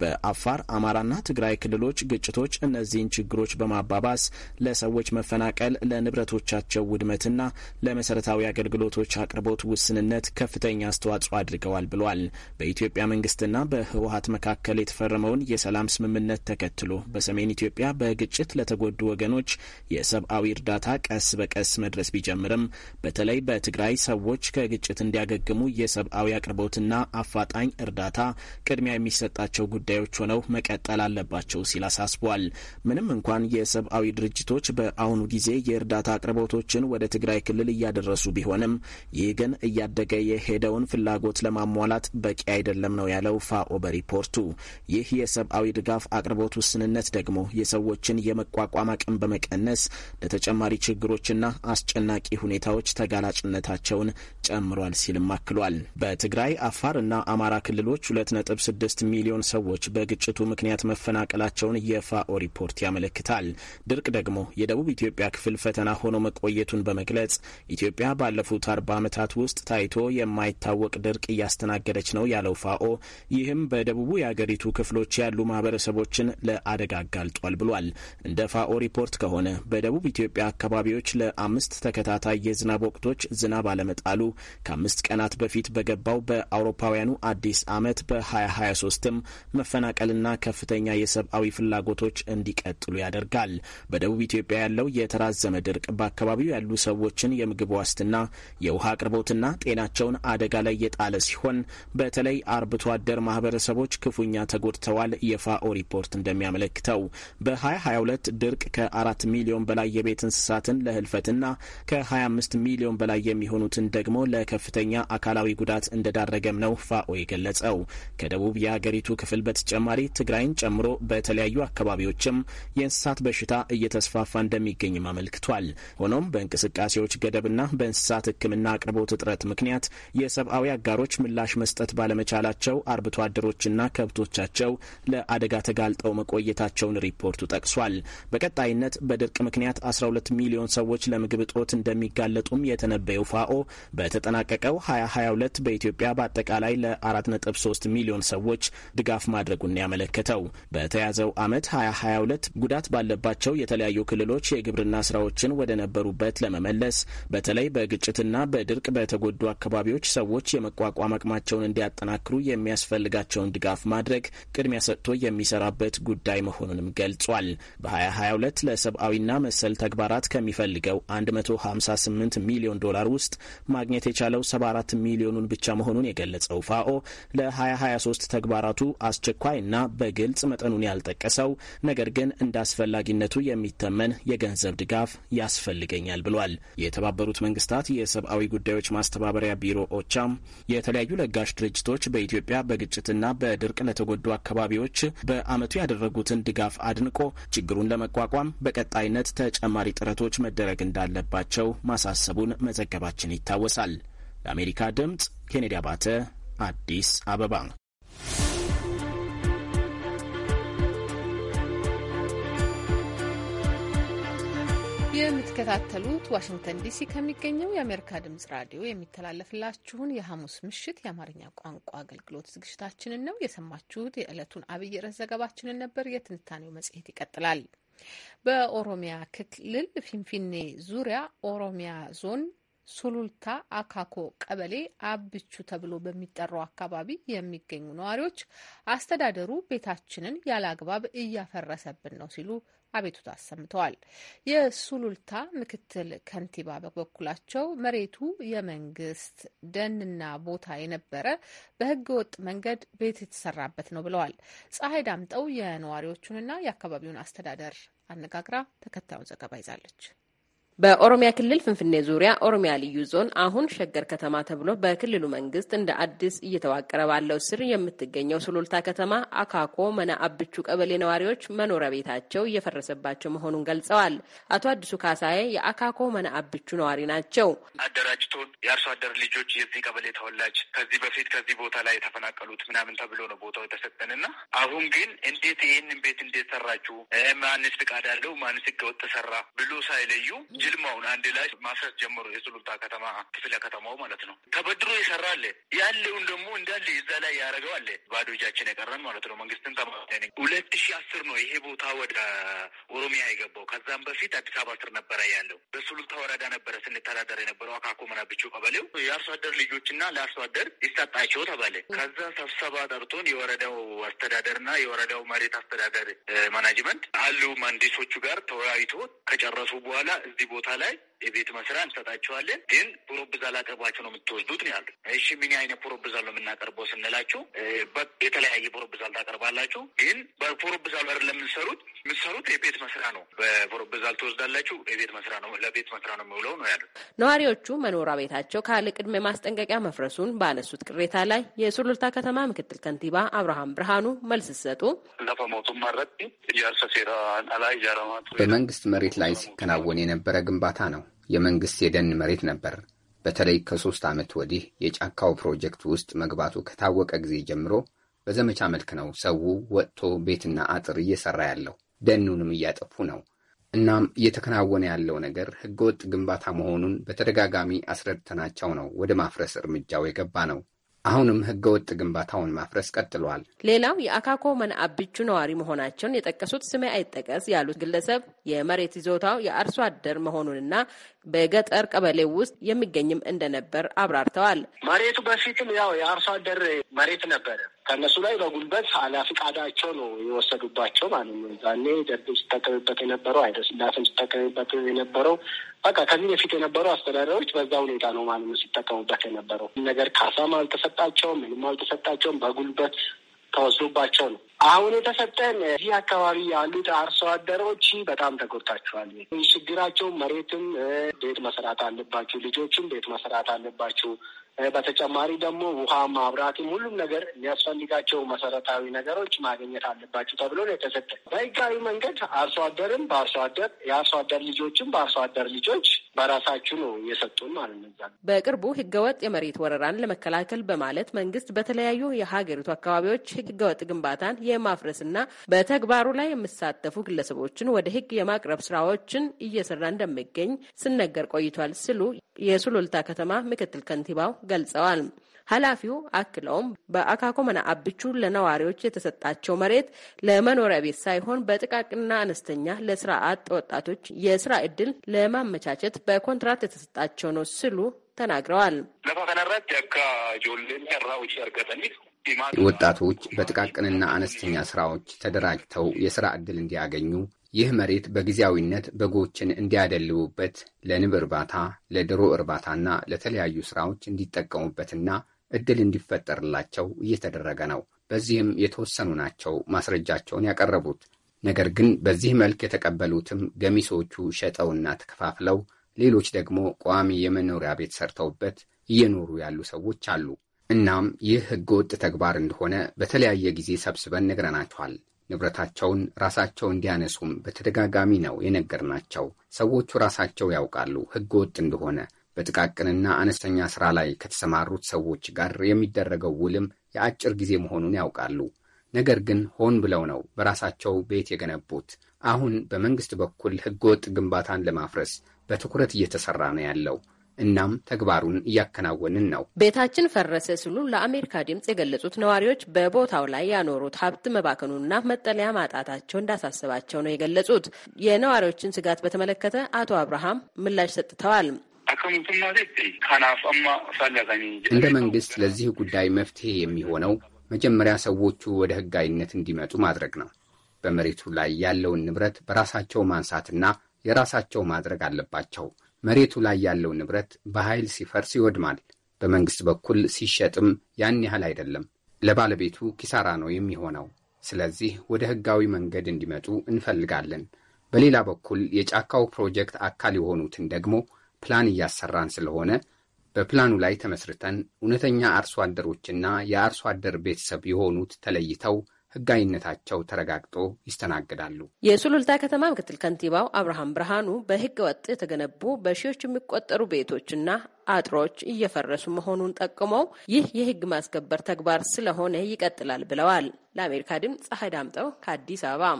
Speaker 10: በአፋር፣ አማራና ትግራይ ክልሎች ግጭቶች እነዚህን ችግሮች በማባባስ ለሰዎች መፈናቀል፣ ለንብረቶቻቸው ውድመትና ለመሰረታዊ አገልግሎቶች የመድኃኒቶች አቅርቦት ውስንነት ከፍተኛ አስተዋጽኦ አድርገዋል ብሏል። በኢትዮጵያ መንግስትና በህወሀት መካከል የተፈረመውን የሰላም ስምምነት ተከትሎ በሰሜን ኢትዮጵያ በግጭት ለተጎዱ ወገኖች የሰብአዊ እርዳታ ቀስ በቀስ መድረስ ቢጀምርም በተለይ በትግራይ ሰዎች ከግጭት እንዲያገግሙ የሰብአዊ አቅርቦትና አፋጣኝ እርዳታ ቅድሚያ የሚሰጣቸው ጉዳዮች ሆነው መቀጠል አለባቸው ሲል አሳስቧል። ምንም እንኳን የሰብአዊ ድርጅቶች በአሁኑ ጊዜ የእርዳታ አቅርቦቶችን ወደ ትግራይ ክልል እያደረሱ ቢሆንም ይህ ግን እያደገ የሄደውን ፍላጎት ለማሟላት በቂ አይደለም ነው ያለው ፋኦ በሪፖርቱ። ይህ የሰብአዊ ድጋፍ አቅርቦት ውስንነት ደግሞ የሰዎችን የመቋቋም አቅም በመቀነስ ለተጨማሪ ችግሮችና አስጨናቂ ሁኔታዎች ተጋላጭነታቸውን ጨምሯል ሲልም አክሏል። በትግራይ አፋር እና አማራ ክልሎች 2.6 ሚሊዮን ሰዎች በግጭቱ ምክንያት መፈናቀላቸውን የፋኦ ሪፖርት ያመለክታል። ድርቅ ደግሞ የደቡብ ኢትዮጵያ ክፍል ፈተና ሆኖ መቆየቱን በመግለጽ ኢትዮጵያ ባለፉት አርባ ዓመታት ውስጥ ታይቶ የማይታወቅ ድርቅ እያስተናገደች ነው ያለው ፋኦ ይህም በደቡቡ የአገሪቱ ክፍሎች ያሉ ማህበረሰቦችን ለአደጋ አጋልጧል ብሏል። እንደ ፋኦ ሪፖርት ከሆነ በደቡብ ኢትዮጵያ አካባቢዎች ለአምስት ተከታታይ የዝናብ ወቅቶች ዝናብ አለመጣሉ ከአምስት ቀናት በፊት በገባው በአውሮፓውያኑ አዲስ ዓመት በ2023ም መፈናቀልና ከፍተኛ የሰብአዊ ፍላጎቶች እንዲቀጥሉ ያደርጋል። በደቡብ ኢትዮጵያ ያለው የተራዘመ ድርቅ በአካባቢው ያሉ ሰዎችን የምግብ ዋስትና የውሃ አቅርቦትና ጤናቸውን አደጋ ላይ የጣለ ሲሆን በተለይ አርብቶ አደር ማህበረሰቦች ክፉኛ ተጎድተዋል። የፋኦ ሪፖርት እንደሚያመለክተው በ2022 ድርቅ ከ4 ሚሊዮን በላይ የቤት እንስሳትን ለህልፈትና ከ25 ሚሊዮን በላይ የሚሆኑትን ደግሞ ለከፍተኛ አካላዊ ጉዳት እንደዳረገም ነው ፋኦ የገለጸው። ከደቡብ የሀገሪቱ ክፍል በተጨማሪ ትግራይን ጨምሮ በተለያዩ አካባቢዎችም የእንስሳት በሽታ እየተስፋፋ እንደሚገኝም አመልክቷል። ሆኖም በእንቅስቃሴዎች ገደብና በእንስሳት ሕክምና በሰላምና አቅርቦት እጥረት ምክንያት የሰብአዊ አጋሮች ምላሽ መስጠት ባለመቻላቸው አርብቶ አደሮችና ከብቶቻቸው ለአደጋ ተጋልጠው መቆየታቸውን ሪፖርቱ ጠቅሷል። በቀጣይነት በድርቅ ምክንያት 12 ሚሊዮን ሰዎች ለምግብ እጦት እንደሚጋለጡም የተነበየው ፋኦ በተጠናቀቀው 2022 በኢትዮጵያ በአጠቃላይ ለ4.3 ሚሊዮን ሰዎች ድጋፍ ማድረጉን ያመለከተው በተያዘው ዓመት 2022 ጉዳት ባለባቸው የተለያዩ ክልሎች የግብርና ስራዎችን ወደ ነበሩበት ለመመለስ በተለይ በግጭትና በድርቅ በተጎዱ አካባቢዎች ሰዎች የመቋቋም አቅማቸውን እንዲያጠናክሩ የሚያስፈልጋቸውን ድጋፍ ማድረግ ቅድሚያ ሰጥቶ የሚሰራበት ጉዳይ መሆኑንም ገልጿል። በ2022 ለሰብአዊና መሰል ተግባራት ከሚፈልገው 158 ሚሊዮን ዶላር ውስጥ ማግኘት የቻለው 74 ሚሊዮኑን ብቻ መሆኑን የገለጸው ፋኦ ለ2023 ተግባራቱ አስቸኳይ እና በግልጽ መጠኑን ያልጠቀሰው ነገር ግን እንደ አስፈላጊነቱ የሚተመን የገንዘብ ድጋፍ ያስፈልገኛል ብሏል። የተባበሩት መንግስታት የሰብአዊ የሰብአዊ ጉዳዮች ማስተባበሪያ ቢሮ ኦቻም የተለያዩ ለጋሽ ድርጅቶች በኢትዮጵያ በግጭትና በድርቅ ለተጎዱ አካባቢዎች በዓመቱ ያደረጉትን ድጋፍ አድንቆ ችግሩን ለመቋቋም በቀጣይነት ተጨማሪ ጥረቶች መደረግ እንዳለባቸው ማሳሰቡን መዘገባችን ይታወሳል። ለአሜሪካ ድምጽ ኬኔዲ አባተ አዲስ አበባ
Speaker 1: የምትከታተሉት ዋሽንግተን ዲሲ ከሚገኘው የአሜሪካ ድምጽ ራዲዮ የሚተላለፍላችሁን የሐሙስ ምሽት የአማርኛ ቋንቋ አገልግሎት ዝግጅታችንን ነው የሰማችሁት። የዕለቱን አብይ ርዕስ ዘገባችንን ነበር። የትንታኔው መጽሔት ይቀጥላል። በኦሮሚያ ክልል ፊንፊኔ ዙሪያ ኦሮሚያ ዞን ሱሉልታ አካኮ ቀበሌ አብቹ ተብሎ በሚጠራው አካባቢ የሚገኙ ነዋሪዎች አስተዳደሩ ቤታችንን ያለ አግባብ እያፈረሰብን ነው ሲሉ አቤቱታ አሰምተዋል። የሱሉልታ ምክትል ከንቲባ በበኩላቸው መሬቱ የመንግስት ደንና ቦታ የነበረ በህገ ወጥ መንገድ ቤት የተሰራበት ነው ብለዋል። ፀሐይ ዳምጠው የነዋሪዎቹንና የአካባቢውን አስተዳደር አነጋግራ ተከታዩን ዘገባ ይዛለች።
Speaker 11: በኦሮሚያ ክልል ፍንፍኔ ዙሪያ ኦሮሚያ ልዩ ዞን አሁን ሸገር ከተማ ተብሎ በክልሉ መንግስት እንደ አዲስ እየተዋቀረ ባለው ስር የምትገኘው ሱሉልታ ከተማ አካኮ መና አብቹ ቀበሌ ነዋሪዎች መኖሪያ ቤታቸው እየፈረሰባቸው መሆኑን ገልጸዋል። አቶ አዲሱ ካሳዬ የአካኮ መና አብቹ ነዋሪ ናቸው።
Speaker 12: አደራጅቶን የአርሶ አደር ልጆች የዚህ ቀበሌ ተወላጅ ከዚህ በፊት ከዚህ ቦታ ላይ የተፈናቀሉት ምናምን ተብሎ ነው ቦታው የተሰጠንና አሁን ግን እንዴት ይህንን ቤት እንዴት ሰራችሁ፣ ማንስ ፍቃድ አለው፣ ማንስ ህገወጥ ተሰራ ብሎ ሳይለዩ ይልማውን አንድ ላይ ማፍረስ ጀምሮ የሱሉልታ ከተማ ክፍለ ከተማው ማለት ነው ተበድሮ የሰራ አለ። ያለውን ደግሞ እንዳለ እዛ ላይ ያደረገው አለ። ባዶ እጃችን የቀረን ማለት ነው። መንግስትን ተማነ ሁለት ሺ አስር ነው ይሄ ቦታ ወደ ኦሮሚያ የገባው። ከዛም በፊት አዲስ አበባ ስር ነበረ ያለው። በሱሉልታ ወረዳ ነበረ ስንተዳደር የነበረው አካኮ መናብቾ ቀበሌው የአርሶ አደር ልጆችና ለአርሶ አደር ይሰጣቸው ተባለ። ከዛ ስብሰባ ጠርቶን የወረዳው አስተዳደርና የወረዳው መሬት አስተዳደር ማናጅመንት አሉ መንዲሶቹ ጋር ተወያይቶ ከጨረሱ በኋላ እዚህ ቦታ ላይ የቤት መስሪያ እንሰጣቸዋለን፣ ግን ፕሮብዛ ላቀርቧቸው ነው የምትወስዱት ነው ያሉ። እሺ ምን አይነት ፕሮብዛ ነው የምናቀርበው ስንላችሁ፣ የተለያየ ፕሮብዛል ታቀርባላችሁ፣ ግን በፕሮፖዛል በር ለምንሰሩት የምትሰሩት የቤት መስሪያ ነው። በፕሮብዛል ትወስዳላችሁ፣ የቤት መስሪያ ነው ለቤት
Speaker 11: መስሪያ ነው የሚውለው ነው ያሉ። ነዋሪዎቹ መኖሪያ ቤታቸው ካለ ቅድመ ማስጠንቀቂያ መፍረሱን ባነሱት ቅሬታ ላይ የሱሉልታ ከተማ ምክትል ከንቲባ
Speaker 5: አብርሃም ብርሃኑ መልስ ሲሰጡ በመንግስት መሬት ላይ ሲከናወን የነበረ ግንባታ ነው። የመንግሥት የደን መሬት ነበር። በተለይ ከሦስት ዓመት ወዲህ የጫካው ፕሮጀክት ውስጥ መግባቱ ከታወቀ ጊዜ ጀምሮ በዘመቻ መልክ ነው ሰው ወጥቶ ቤትና አጥር እየሠራ ያለው። ደኑንም እያጠፉ ነው። እናም እየተከናወነ ያለው ነገር ሕገወጥ ግንባታ መሆኑን በተደጋጋሚ አስረድተናቸው ነው ወደ ማፍረስ እርምጃው የገባ ነው። አሁንም ህገወጥ ግንባታውን ማፍረስ ቀጥሏል።
Speaker 11: ሌላው የአካኮ መንአብ ነዋሪ መሆናቸውን የጠቀሱት ስሜ አይጠቀስ ያሉት ግለሰብ የመሬት ይዞታው የአርሶ አደር መሆኑንና በገጠር ቀበሌ ውስጥ የሚገኝም እንደነበር አብራርተዋል።
Speaker 12: መሬቱ በፊትም ያው የአርሶ አደር መሬት ነበረ። ከእነሱ ላይ በጉልበት አላፍቃዳቸው ነው የወሰዱባቸው ማለት ነው። ዛኔ ደርግም ሲጠቀምበት የነበረው አይደስላትም ሲጠቀምበት የነበረው በቃ ከዚህ በፊት የነበሩ አስተዳዳሪዎች በዛ ሁኔታ ነው ማለት ነው ሲጠቀሙበት የነበረው ነገር። ካሳም አልተሰጣቸውም፣ ምንም አልተሰጣቸውም። በጉልበት ተወስዶባቸው ነው አሁን የተሰጠን። እዚህ አካባቢ ያሉት አርሶ አደሮች በጣም ተጎድታችኋል። ችግራቸው መሬትም ቤት መስራት አለባችሁ፣ ልጆችም ቤት መስራት አለባችሁ በተጨማሪ ደግሞ ውሃ፣ ማብራትም ሁሉም ነገር የሚያስፈልጋቸው መሰረታዊ ነገሮች ማግኘት አለባቸው ተብሎ ነው የተሰጠ በህጋዊ መንገድ አርሶ አደርም በአርሶ አደር የአርሶ አደር ልጆችም በአርሶ አደር ልጆች በራሳችሁ ነው የሰጡን ማለት ነው።
Speaker 11: በቅርቡ ህገወጥ የመሬት ወረራን ለመከላከል በማለት መንግስት በተለያዩ የሀገሪቱ አካባቢዎች ህገወጥ ግንባታን የማፍረስና በተግባሩ ላይ የሚሳተፉ ግለሰቦችን ወደ ህግ የማቅረብ ስራዎችን እየሰራ እንደሚገኝ ስነገር ቆይቷል ሲሉ የሱሉልታ ከተማ ምክትል ከንቲባው ገልጸዋል። ኃላፊው አክለውም በአካኮመና አብቹ ለነዋሪዎች የተሰጣቸው መሬት ለመኖሪያ ቤት ሳይሆን በጥቃቅንና አነስተኛ ለስራ አጥ ወጣቶች የስራ እድል ለማመቻቸት በኮንትራት የተሰጣቸው ነው ሲሉ ተናግረዋል።
Speaker 5: ወጣቶች በጥቃቅንና አነስተኛ ስራዎች ተደራጅተው የስራ እድል እንዲያገኙ ይህ መሬት በጊዜያዊነት በጎችን እንዲያደልቡበት ለንብ እርባታ፣ ለድሮ እርባታና ለተለያዩ ስራዎች እንዲጠቀሙበትና እድል እንዲፈጠርላቸው እየተደረገ ነው። በዚህም የተወሰኑ ናቸው ማስረጃቸውን ያቀረቡት። ነገር ግን በዚህ መልክ የተቀበሉትም ገሚሶቹ ሸጠውና ተከፋፍለው፣ ሌሎች ደግሞ ቋሚ የመኖሪያ ቤት ሰርተውበት እየኖሩ ያሉ ሰዎች አሉ። እናም ይህ ሕገ ወጥ ተግባር እንደሆነ በተለያየ ጊዜ ሰብስበን ነግረናቸዋል። ንብረታቸውን ራሳቸው እንዲያነሱም በተደጋጋሚ ነው የነገርናቸው። ሰዎቹ ራሳቸው ያውቃሉ ሕገ ወጥ እንደሆነ። በጥቃቅንና አነስተኛ ሥራ ላይ ከተሰማሩት ሰዎች ጋር የሚደረገው ውልም የአጭር ጊዜ መሆኑን ያውቃሉ። ነገር ግን ሆን ብለው ነው በራሳቸው ቤት የገነቡት። አሁን በመንግሥት በኩል ህገወጥ ግንባታን ለማፍረስ በትኩረት እየተሠራ ነው ያለው። እናም ተግባሩን እያከናወንን ነው።
Speaker 11: ቤታችን ፈረሰ ሲሉ ለአሜሪካ ድምፅ የገለጹት ነዋሪዎች በቦታው ላይ ያኖሩት ሀብት መባከኑና መጠለያ ማጣታቸው እንዳሳሰባቸው ነው የገለጹት። የነዋሪዎችን ስጋት በተመለከተ አቶ አብርሃም ምላሽ ሰጥተዋል።
Speaker 5: እንደ መንግስት ለዚህ ጉዳይ መፍትሄ የሚሆነው መጀመሪያ ሰዎቹ ወደ ህጋዊነት እንዲመጡ ማድረግ ነው። በመሬቱ ላይ ያለውን ንብረት በራሳቸው ማንሳትና የራሳቸው ማድረግ አለባቸው። መሬቱ ላይ ያለው ንብረት በኃይል ሲፈርስ ይወድማል። በመንግሥት በኩል ሲሸጥም ያን ያህል አይደለም፣ ለባለቤቱ ኪሳራ ነው የሚሆነው። ስለዚህ ወደ ሕጋዊ መንገድ እንዲመጡ እንፈልጋለን። በሌላ በኩል የጫካው ፕሮጀክት አካል የሆኑትን ደግሞ ፕላን እያሰራን ስለሆነ በፕላኑ ላይ ተመስርተን እውነተኛ አርሶ አደሮችና የአርሶ አደር ቤተሰብ የሆኑት ተለይተው ህጋዊነታቸው ተረጋግጦ ይስተናግዳሉ።
Speaker 11: የሱሉልታ ከተማ ምክትል ከንቲባው አብርሃም ብርሃኑ በህገ ወጥ የተገነቡ በሺዎች የሚቆጠሩ ቤቶችና አጥሮች እየፈረሱ መሆኑን ጠቅመው ይህ የህግ ማስከበር ተግባር ስለሆነ ይቀጥላል ብለዋል። ለአሜሪካ ድምፅ ፀሐይ ዳምጠው ከአዲስ አበባ።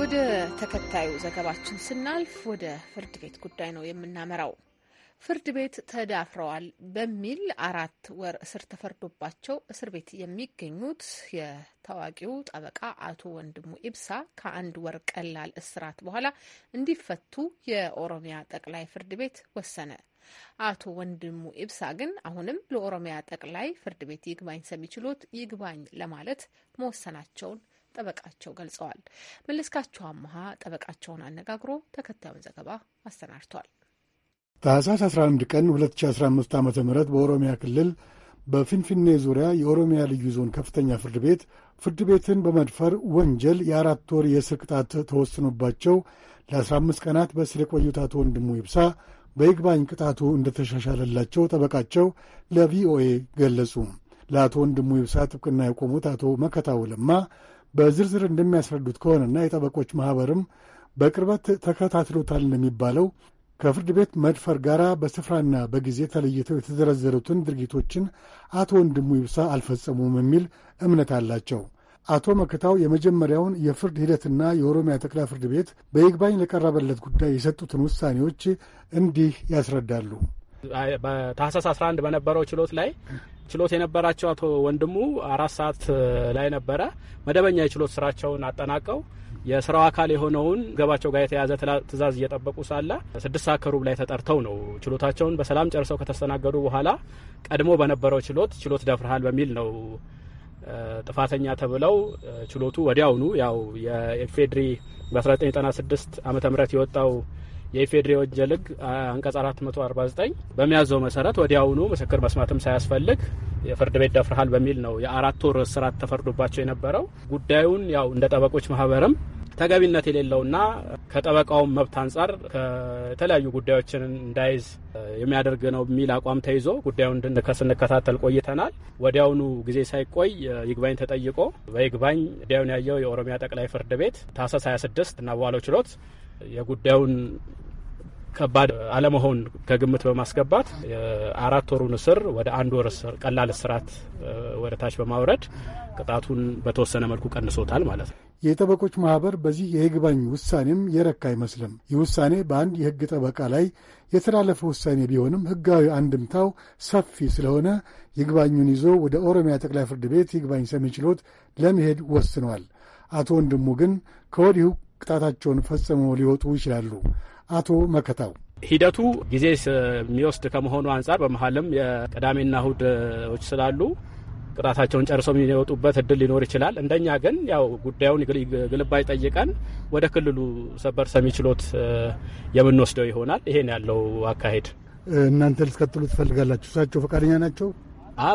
Speaker 1: ወደ ተከታዩ ዘገባችን ስናልፍ ወደ ፍርድ ቤት ጉዳይ ነው የምናመራው። ፍርድ ቤት ተዳፍረዋል በሚል አራት ወር እስር ተፈርዶባቸው እስር ቤት የሚገኙት የታዋቂው ጠበቃ አቶ ወንድሙ ኢብሳ ከአንድ ወር ቀላል እስራት በኋላ እንዲፈቱ የኦሮሚያ ጠቅላይ ፍርድ ቤት ወሰነ። አቶ ወንድሙ ኢብሳ ግን አሁንም ለኦሮሚያ ጠቅላይ ፍርድ ቤት ይግባኝ ሰሚ ችሎት ይግባኝ ለማለት መወሰናቸውን ጠበቃቸው ገልጸዋል። መለስካቸው አመሀ ጠበቃቸውን አነጋግሮ ተከታዩን ዘገባ አሰናድቷል።
Speaker 13: ታህሳስ 11 ቀን 2015 ዓ ም በኦሮሚያ ክልል በፊንፊኔ ዙሪያ የኦሮሚያ ልዩ ዞን ከፍተኛ ፍርድ ቤት ፍርድ ቤትን በመድፈር ወንጀል የአራት ወር የእስር ቅጣት ተወስኖባቸው ለ15 ቀናት በእስር የቆዩት አቶ ወንድሙ ይብሳ በይግባኝ ቅጣቱ እንደተሻሻለላቸው ጠበቃቸው ለቪኦኤ ገለጹ። ለአቶ ወንድሙ ይብሳ ጥብቅና የቆሙት አቶ መከታው ለማ በዝርዝር እንደሚያስረዱት ከሆነና የጠበቆች ማኅበርም በቅርበት ተከታትሎታል እንደሚባለው ከፍርድ ቤት መድፈር ጋር በስፍራና በጊዜ ተለይተው የተዘረዘሩትን ድርጊቶችን አቶ ወንድሙ ይብሳ አልፈጸሙም የሚል እምነት አላቸው። አቶ መከታው የመጀመሪያውን የፍርድ ሂደትና የኦሮሚያ ጠቅላይ ፍርድ ቤት በይግባኝ ለቀረበለት ጉዳይ የሰጡትን ውሳኔዎች እንዲህ ያስረዳሉ።
Speaker 14: በታህሳስ 11 በነበረው ችሎት ላይ ችሎት የነበራቸው አቶ ወንድሙ አራት ሰዓት ላይ ነበረ። መደበኛ የችሎት ስራቸውን አጠናቀው የስራው አካል የሆነውን ገባቸው ጋር የተያዘ ትእዛዝ እየጠበቁ ሳለ ስድስት ሰዓት ከሩብ ላይ ተጠርተው ነው ችሎታቸውን በሰላም ጨርሰው ከተስተናገዱ በኋላ ቀድሞ በነበረው ችሎት ችሎት ደፍርሃል በሚል ነው ጥፋተኛ ተብለው ችሎቱ ወዲያውኑ ያው የኢፌድሪ በ1996 ዓ ም የወጣው የኢፌዴሪ ወንጀል አንቀጽ 449 በሚያዘው መሰረት ወዲያውኑ ምስክር መስማትም ሳያስፈልግ የፍርድ ቤት ደፍርሃል በሚል ነው የአራት ወር እስራት ተፈርዶባቸው የነበረው። ጉዳዩን ያው እንደ ጠበቆች ማህበርም ተገቢነት የሌለውና ከጠበቃውም መብት አንጻር ከተለያዩ ጉዳዮችን እንዳይዝ የሚያደርግ ነው የሚል አቋም ተይዞ ጉዳዩን እንድንከስ ስንከታተል ቆይተናል። ወዲያውኑ ጊዜ ሳይቆይ ይግባኝ ተጠይቆ በይግባኝ ጉዳዩን ያየው የኦሮሚያ ጠቅላይ ፍርድ ቤት ታህሳስ 26 እና በኋላው ችሎት የጉዳዩን ከባድ አለመሆን ከግምት በማስገባት የአራት ወሩን እስር ወደ አንድ ወር ቀላል እስራት ወደ ታች በማውረድ ቅጣቱን በተወሰነ መልኩ ቀንሶታል ማለት ነው።
Speaker 13: የጠበቆች ማህበር በዚህ የይግባኝ ውሳኔም የረካ አይመስልም። ይህ ውሳኔ በአንድ የህግ ጠበቃ ላይ የተላለፈ ውሳኔ ቢሆንም ህጋዊ አንድምታው ሰፊ ስለሆነ ይግባኙን ይዞ ወደ ኦሮሚያ ጠቅላይ ፍርድ ቤት ይግባኝ ሰሚ ችሎት ለመሄድ ወስኗል። አቶ ወንድሙ ግን ከወዲሁ ቅጣታቸውን ፈጽመው ሊወጡ ይችላሉ። አቶ መከታው
Speaker 14: ሂደቱ ጊዜ የሚወስድ ከመሆኑ አንጻር በመሀልም የቅዳሜና እሁዶች ስላሉ ቅጣታቸውን ጨርሰው የሚወጡበት እድል ሊኖር ይችላል። እንደኛ ግን ያው ጉዳዩን ግልባጭ ጠይቀን ወደ ክልሉ ሰበር ሰሚ ችሎት የምንወስደው ይሆናል። ይሄን ያለው
Speaker 13: አካሄድ እናንተ ልትቀጥሉ ትፈልጋላችሁ? እሳቸው ፈቃደኛ ናቸው?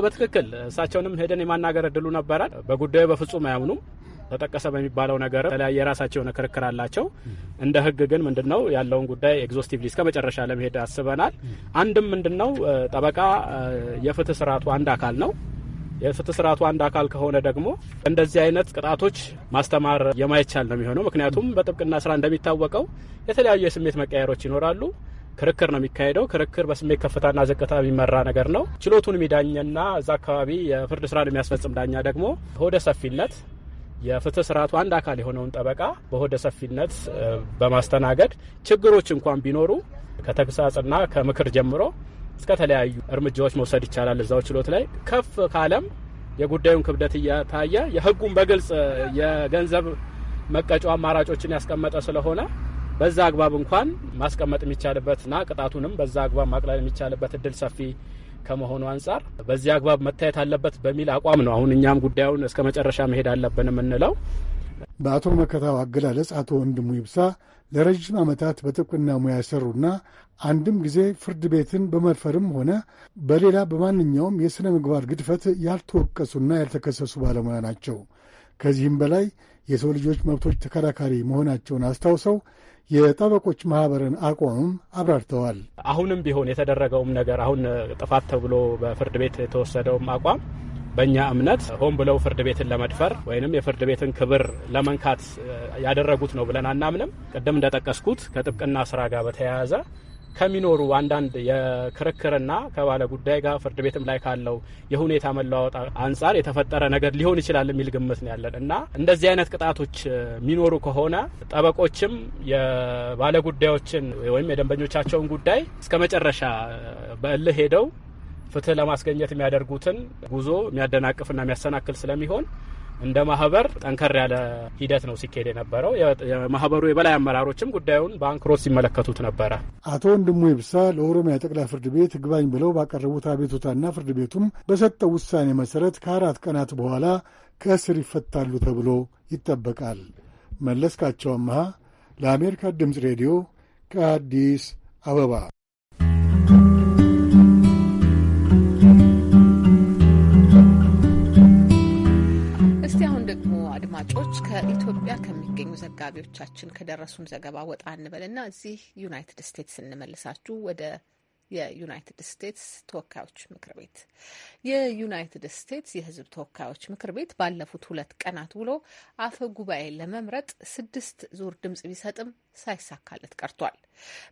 Speaker 14: በትክክል እሳቸውንም ሄደን የማናገር እድሉ ነበራል። በጉዳዩ በፍጹም አያምኑም። ተጠቀሰ በሚባለው ነገር የተለያየ የራሳቸው የሆነ ክርክር አላቸው። እንደ ህግ ግን ምንድነው ያለውን ጉዳይ ኤግዞስቲቭሊ እስከ መጨረሻ ለመሄድ አስበናል። አንድም ምንድነው ጠበቃ የፍትህ ስርዓቱ አንድ አካል ነው። የፍትህ ስርዓቱ አንድ አካል ከሆነ ደግሞ እንደዚህ አይነት ቅጣቶች ማስተማር የማይቻል ነው የሚሆነው። ምክንያቱም በጥብቅና ስራ እንደሚታወቀው የተለያዩ የስሜት መቀየሮች ይኖራሉ። ክርክር ነው የሚካሄደው። ክርክር በስሜት ከፍታና ዝቅታ የሚመራ ነገር ነው። ችሎቱን የሚዳኝና እዛ አካባቢ የፍርድ ስራን የሚያስፈጽም ዳኛ ደግሞ ሆደ ሰፊነት የፍትህ ስርዓቱ አንድ አካል የሆነውን ጠበቃ በሆደ ሰፊነት በማስተናገድ ችግሮች እንኳን ቢኖሩ ከተግሳጽና ከምክር ጀምሮ እስከ ተለያዩ እርምጃዎች መውሰድ ይቻላል። እዛው ችሎት ላይ ከፍ ካለም የጉዳዩን ክብደት እየታየ የህጉን በግልጽ የገንዘብ መቀጫው አማራጮችን ያስቀመጠ ስለሆነ በዛ አግባብ እንኳን ማስቀመጥ የሚቻልበትና ቅጣቱንም በዛ አግባብ ማቅለል የሚቻልበት እድል ሰፊ ከመሆኑ አንጻር በዚህ አግባብ መታየት አለበት በሚል አቋም ነው አሁን እኛም ጉዳዩን እስከ መጨረሻ መሄድ አለብን የምንለው።
Speaker 13: በአቶ መከታው አገላለጽ አቶ ወንድሙ ይብሳ ለረዥም ዓመታት በጥብቅና ሙያ የሰሩና አንድም ጊዜ ፍርድ ቤትን በመድፈርም ሆነ በሌላ በማንኛውም የሥነ ምግባር ግድፈት ያልተወቀሱና ያልተከሰሱ ባለሙያ ናቸው። ከዚህም በላይ የሰው ልጆች መብቶች ተከራካሪ መሆናቸውን አስታውሰው የጠበቆች ማህበርን አቋምም አብራርተዋል።
Speaker 14: አሁንም ቢሆን የተደረገውም ነገር አሁን ጥፋት ተብሎ በፍርድ ቤት የተወሰደውም አቋም በእኛ እምነት ሆን ብለው ፍርድ ቤትን ለመድፈር ወይንም የፍርድ ቤትን ክብር ለመንካት ያደረጉት ነው ብለን አናምንም። ቅድም እንደጠቀስኩት ከጥብቅና ስራ ጋር በተያያዘ ከሚኖሩ አንዳንድ የክርክርና ከባለ ጉዳይ ጋር ፍርድ ቤትም ላይ ካለው የሁኔታ መለዋወጥ አንጻር የተፈጠረ ነገር ሊሆን ይችላል የሚል ግምት ነው ያለን እና እንደዚህ አይነት ቅጣቶች የሚኖሩ ከሆነ ጠበቆችም የባለጉዳዮችን ወይም የደንበኞቻቸውን ጉዳይ እስከ መጨረሻ በእልህ ሄደው ፍትህ ለማስገኘት የሚያደርጉትን ጉዞ የሚያደናቅፍና የሚያሰናክል ስለሚሆን እንደ ማህበር ጠንከር ያለ ሂደት ነው ሲካሄድ የነበረው። የማህበሩ የበላይ አመራሮችም ጉዳዩን በአንክሮት ሲመለከቱት ነበረ።
Speaker 13: አቶ ወንድሙ ይብሳ ለኦሮሚያ ጠቅላይ ፍርድ ቤት ግባኝ ብለው ባቀረቡት አቤቱታና ፍርድ ቤቱም በሰጠው ውሳኔ መሰረት ከአራት ቀናት በኋላ ከእስር ይፈታሉ ተብሎ ይጠበቃል። መለስካቸው አመሃ ለአሜሪካ ድምፅ ሬዲዮ ከአዲስ አበባ
Speaker 1: አድማጮች ከኢትዮጵያ ከሚገኙ ዘጋቢዎቻችን ከደረሱን ዘገባ ወጣ እንበልና እዚህ ዩናይትድ ስቴትስ እንመልሳችሁ ወደ የዩናይትድ ስቴትስ ተወካዮች ምክር ቤት የዩናይትድ ስቴትስ የሕዝብ ተወካዮች ምክር ቤት ባለፉት ሁለት ቀናት ውሎ አፈ ጉባኤ ለመምረጥ ስድስት ዙር ድምጽ ቢሰጥም ሳይሳካለት ቀርቷል።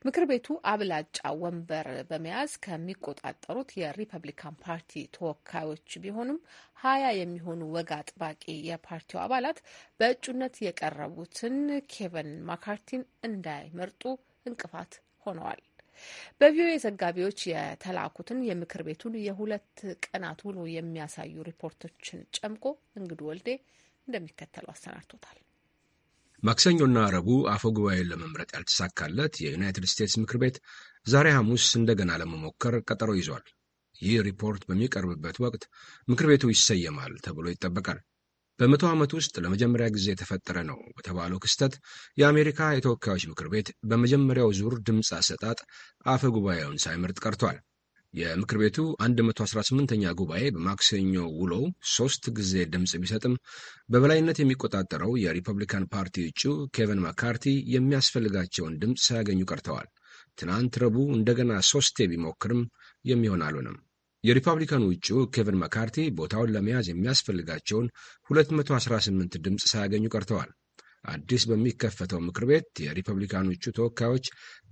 Speaker 1: ምክር ቤቱ አብላጫ ወንበር በመያዝ ከሚቆጣጠሩት የሪፐብሊካን ፓርቲ ተወካዮች ቢሆኑም ሀያ የሚሆኑ ወግ አጥባቂ የፓርቲው አባላት በእጩነት የቀረቡትን ኬቨን ማካርቲን እንዳይመርጡ እንቅፋት ሆነዋል። በቪኦኤ ዘጋቢዎች የተላኩትን የምክር ቤቱን የሁለት ቀናት ውሎ የሚያሳዩ ሪፖርቶችን ጨምቆ እንግዱ ወልዴ እንደሚከተለው አሰናድቶታል።
Speaker 8: ማክሰኞና አረቡ አፈ ጉባኤን ለመምረጥ ያልተሳካለት የዩናይትድ ስቴትስ ምክር ቤት ዛሬ ሐሙስ እንደገና ለመሞከር ቀጠሮ ይዟል። ይህ ሪፖርት በሚቀርብበት ወቅት ምክር ቤቱ ይሰየማል ተብሎ ይጠበቃል። በመቶ ዓመት ውስጥ ለመጀመሪያ ጊዜ የተፈጠረ ነው በተባለው ክስተት የአሜሪካ የተወካዮች ምክር ቤት በመጀመሪያው ዙር ድምፅ አሰጣጥ አፈ ጉባኤውን ሳይመርጥ ቀርቷል። የምክር ቤቱ 118ኛ ጉባኤ በማክሰኞ ውሎው ሶስት ጊዜ ድምፅ ቢሰጥም በበላይነት የሚቆጣጠረው የሪፐብሊካን ፓርቲ እጩ ኬቨን ማካርቲ የሚያስፈልጋቸውን ድምፅ ሳያገኙ ቀርተዋል። ትናንት ረቡዕ እንደገና ሶስቴ ቢሞክርም የሚሆን አልሆነም። የሪፐብሊካኑ እጩ ኬቪን መካርቲ ቦታውን ለመያዝ የሚያስፈልጋቸውን 218 ድምፅ ሳያገኙ ቀርተዋል። አዲስ በሚከፈተው ምክር ቤት የሪፐብሊካኑ እጩ ተወካዮች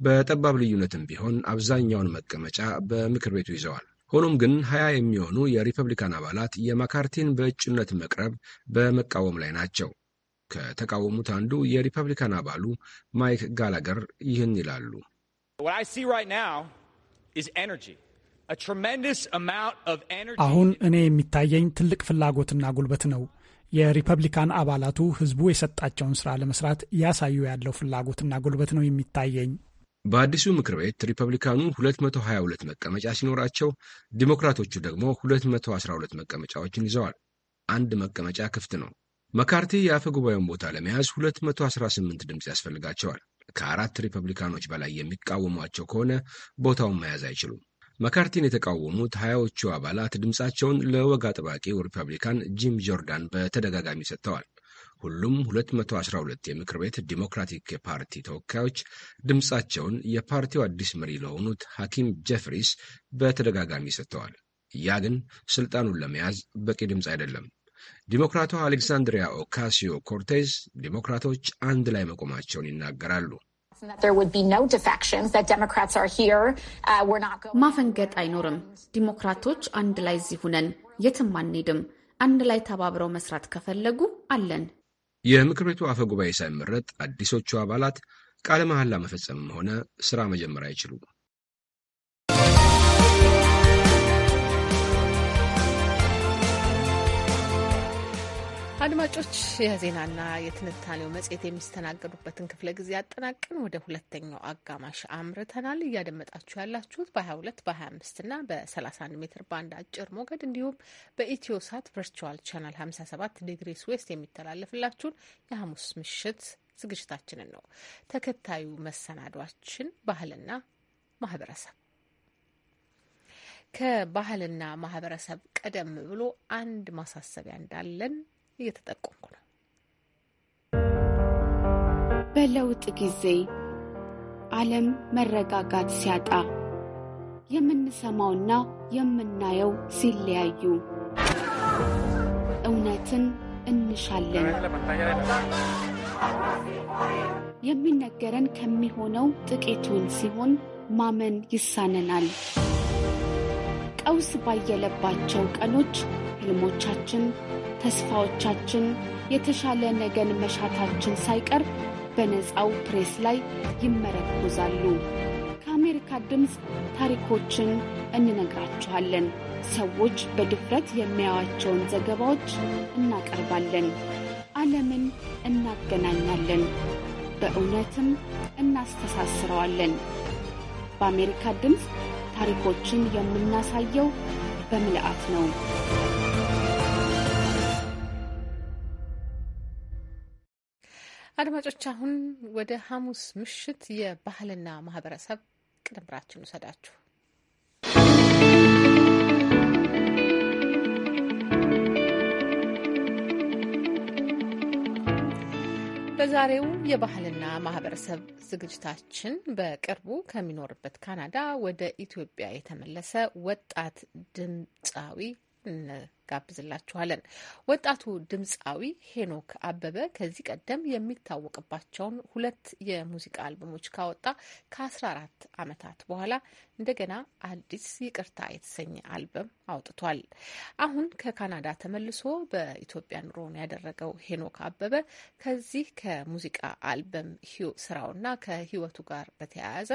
Speaker 8: በጠባብ ልዩነትም ቢሆን አብዛኛውን መቀመጫ በምክር ቤቱ ይዘዋል። ሆኖም ግን ሀያ የሚሆኑ የሪፐብሊካን አባላት የማካርቲን በእጩነት መቅረብ በመቃወም ላይ ናቸው። ከተቃወሙት አንዱ የሪፐብሊካን አባሉ ማይክ ጋላገር ይህን ይላሉ። አሁን እኔ የሚታየኝ
Speaker 7: ትልቅ ፍላጎትና ጉልበት ነው። የሪፐብሊካን አባላቱ ህዝቡ የሰጣቸውን ስራ ለመስራት እያሳዩ ያለው ፍላጎትና ጉልበት ነው የሚታየኝ።
Speaker 8: በአዲሱ ምክር ቤት ሪፐብሊካኑ 222 መቀመጫ ሲኖራቸው ዲሞክራቶቹ ደግሞ 212 መቀመጫዎችን ይዘዋል። አንድ መቀመጫ ክፍት ነው። መካርቲ የአፈ ጉባኤውን ቦታ ለመያዝ 218 ድምፅ ያስፈልጋቸዋል። ከአራት ሪፐብሊካኖች በላይ የሚቃወሟቸው ከሆነ ቦታውን መያዝ አይችሉም። መካርቲን የተቃወሙት ሀያዎቹ አባላት ድምፃቸውን ለወግ አጥባቂው ሪፐብሊካን ጂም ጆርዳን በተደጋጋሚ ሰጥተዋል። ሁሉም 212 የምክር ቤት ዲሞክራቲክ የፓርቲ ተወካዮች ድምፃቸውን የፓርቲው አዲስ መሪ ለሆኑት ሐኪም ጀፍሪስ በተደጋጋሚ ሰጥተዋል። ያ ግን ስልጣኑን ለመያዝ በቂ ድምፅ አይደለም። ዲሞክራቷ አሌክሳንድሪያ ኦካሲዮ ኮርቴዝ ዲሞክራቶች አንድ ላይ መቆማቸውን ይናገራሉ።
Speaker 15: Uh, ማፈንገጥ አይኖርም። ዲሞክራቶች አንድ ላይ እዚህ ሁነን የትም አንሄድም። አንድ ላይ ተባብረው መስራት ከፈለጉ አለን።
Speaker 8: የምክር ቤቱ አፈ ጉባኤ ሳይመረጥ አዲሶቹ አባላት ቃለ መሐላ መፈጸምም ሆነ ስራ መጀመር አይችሉም።
Speaker 1: አድማጮች የዜናና የትንታኔው መጽሔት የሚስተናገዱበትን ክፍለ ጊዜ አጠናቀን ወደ ሁለተኛው አጋማሽ አምርተናል። እያደመጣችሁ ያላችሁት በ22 በ25 እና በ31 ሜትር ባንድ አጭር ሞገድ እንዲሁም በኢትዮ ሳት ቨርቹዋል ቻናል 57 ዲግሪ ስዌስት የሚተላለፍላችሁን የሐሙስ ምሽት ዝግጅታችንን ነው። ተከታዩ መሰናዷችን ባህልና ማህበረሰብ ከባህልና ማህበረሰብ ቀደም ብሎ አንድ ማሳሰቢያ እንዳለን እየተጠቆምኩ ነው።
Speaker 15: በለውጥ ጊዜ ዓለም መረጋጋት ሲያጣ የምንሰማውና የምናየው ሲለያዩ እውነትን እንሻለን። የሚነገረን ከሚሆነው ጥቂቱን ሲሆን ማመን ይሳነናል። ቀውስ ባየለባቸው ቀኖች ህልሞቻችን፣ ተስፋዎቻችን፣ የተሻለ ነገን መሻታችን ሳይቀር በነፃው ፕሬስ ላይ ይመረኮዛሉ። ከአሜሪካ ድምፅ ታሪኮችን እንነግራችኋለን። ሰዎች በድፍረት የሚያዩዋቸውን ዘገባዎች እናቀርባለን። ዓለምን እናገናኛለን፣ በእውነትም እናስተሳስረዋለን። በአሜሪካ ድምፅ ታሪኮችን የምናሳየው በምልአት ነው። አድማጮች
Speaker 1: አሁን ወደ ሐሙስ ምሽት የባህልና ማህበረሰብ ቅንብራችን ውሰዳችሁ። በዛሬው የባህልና ማህበረሰብ ዝግጅታችን በቅርቡ ከሚኖርበት ካናዳ ወደ ኢትዮጵያ የተመለሰ ወጣት ድምፃዊ እንጋብዝላችኋለን። ወጣቱ ድምፃዊ ሄኖክ አበበ ከዚህ ቀደም የሚታወቅባቸውን ሁለት የሙዚቃ አልበሞች ካወጣ ከ14 ዓመታት በኋላ እንደገና አዲስ ይቅርታ የተሰኘ አልበም አውጥቷል። አሁን ከካናዳ ተመልሶ በኢትዮጵያ ኑሮን ያደረገው ሄኖክ አበበ ከዚህ ከሙዚቃ አልበም ስራውና ከህይወቱ ጋር በተያያዘ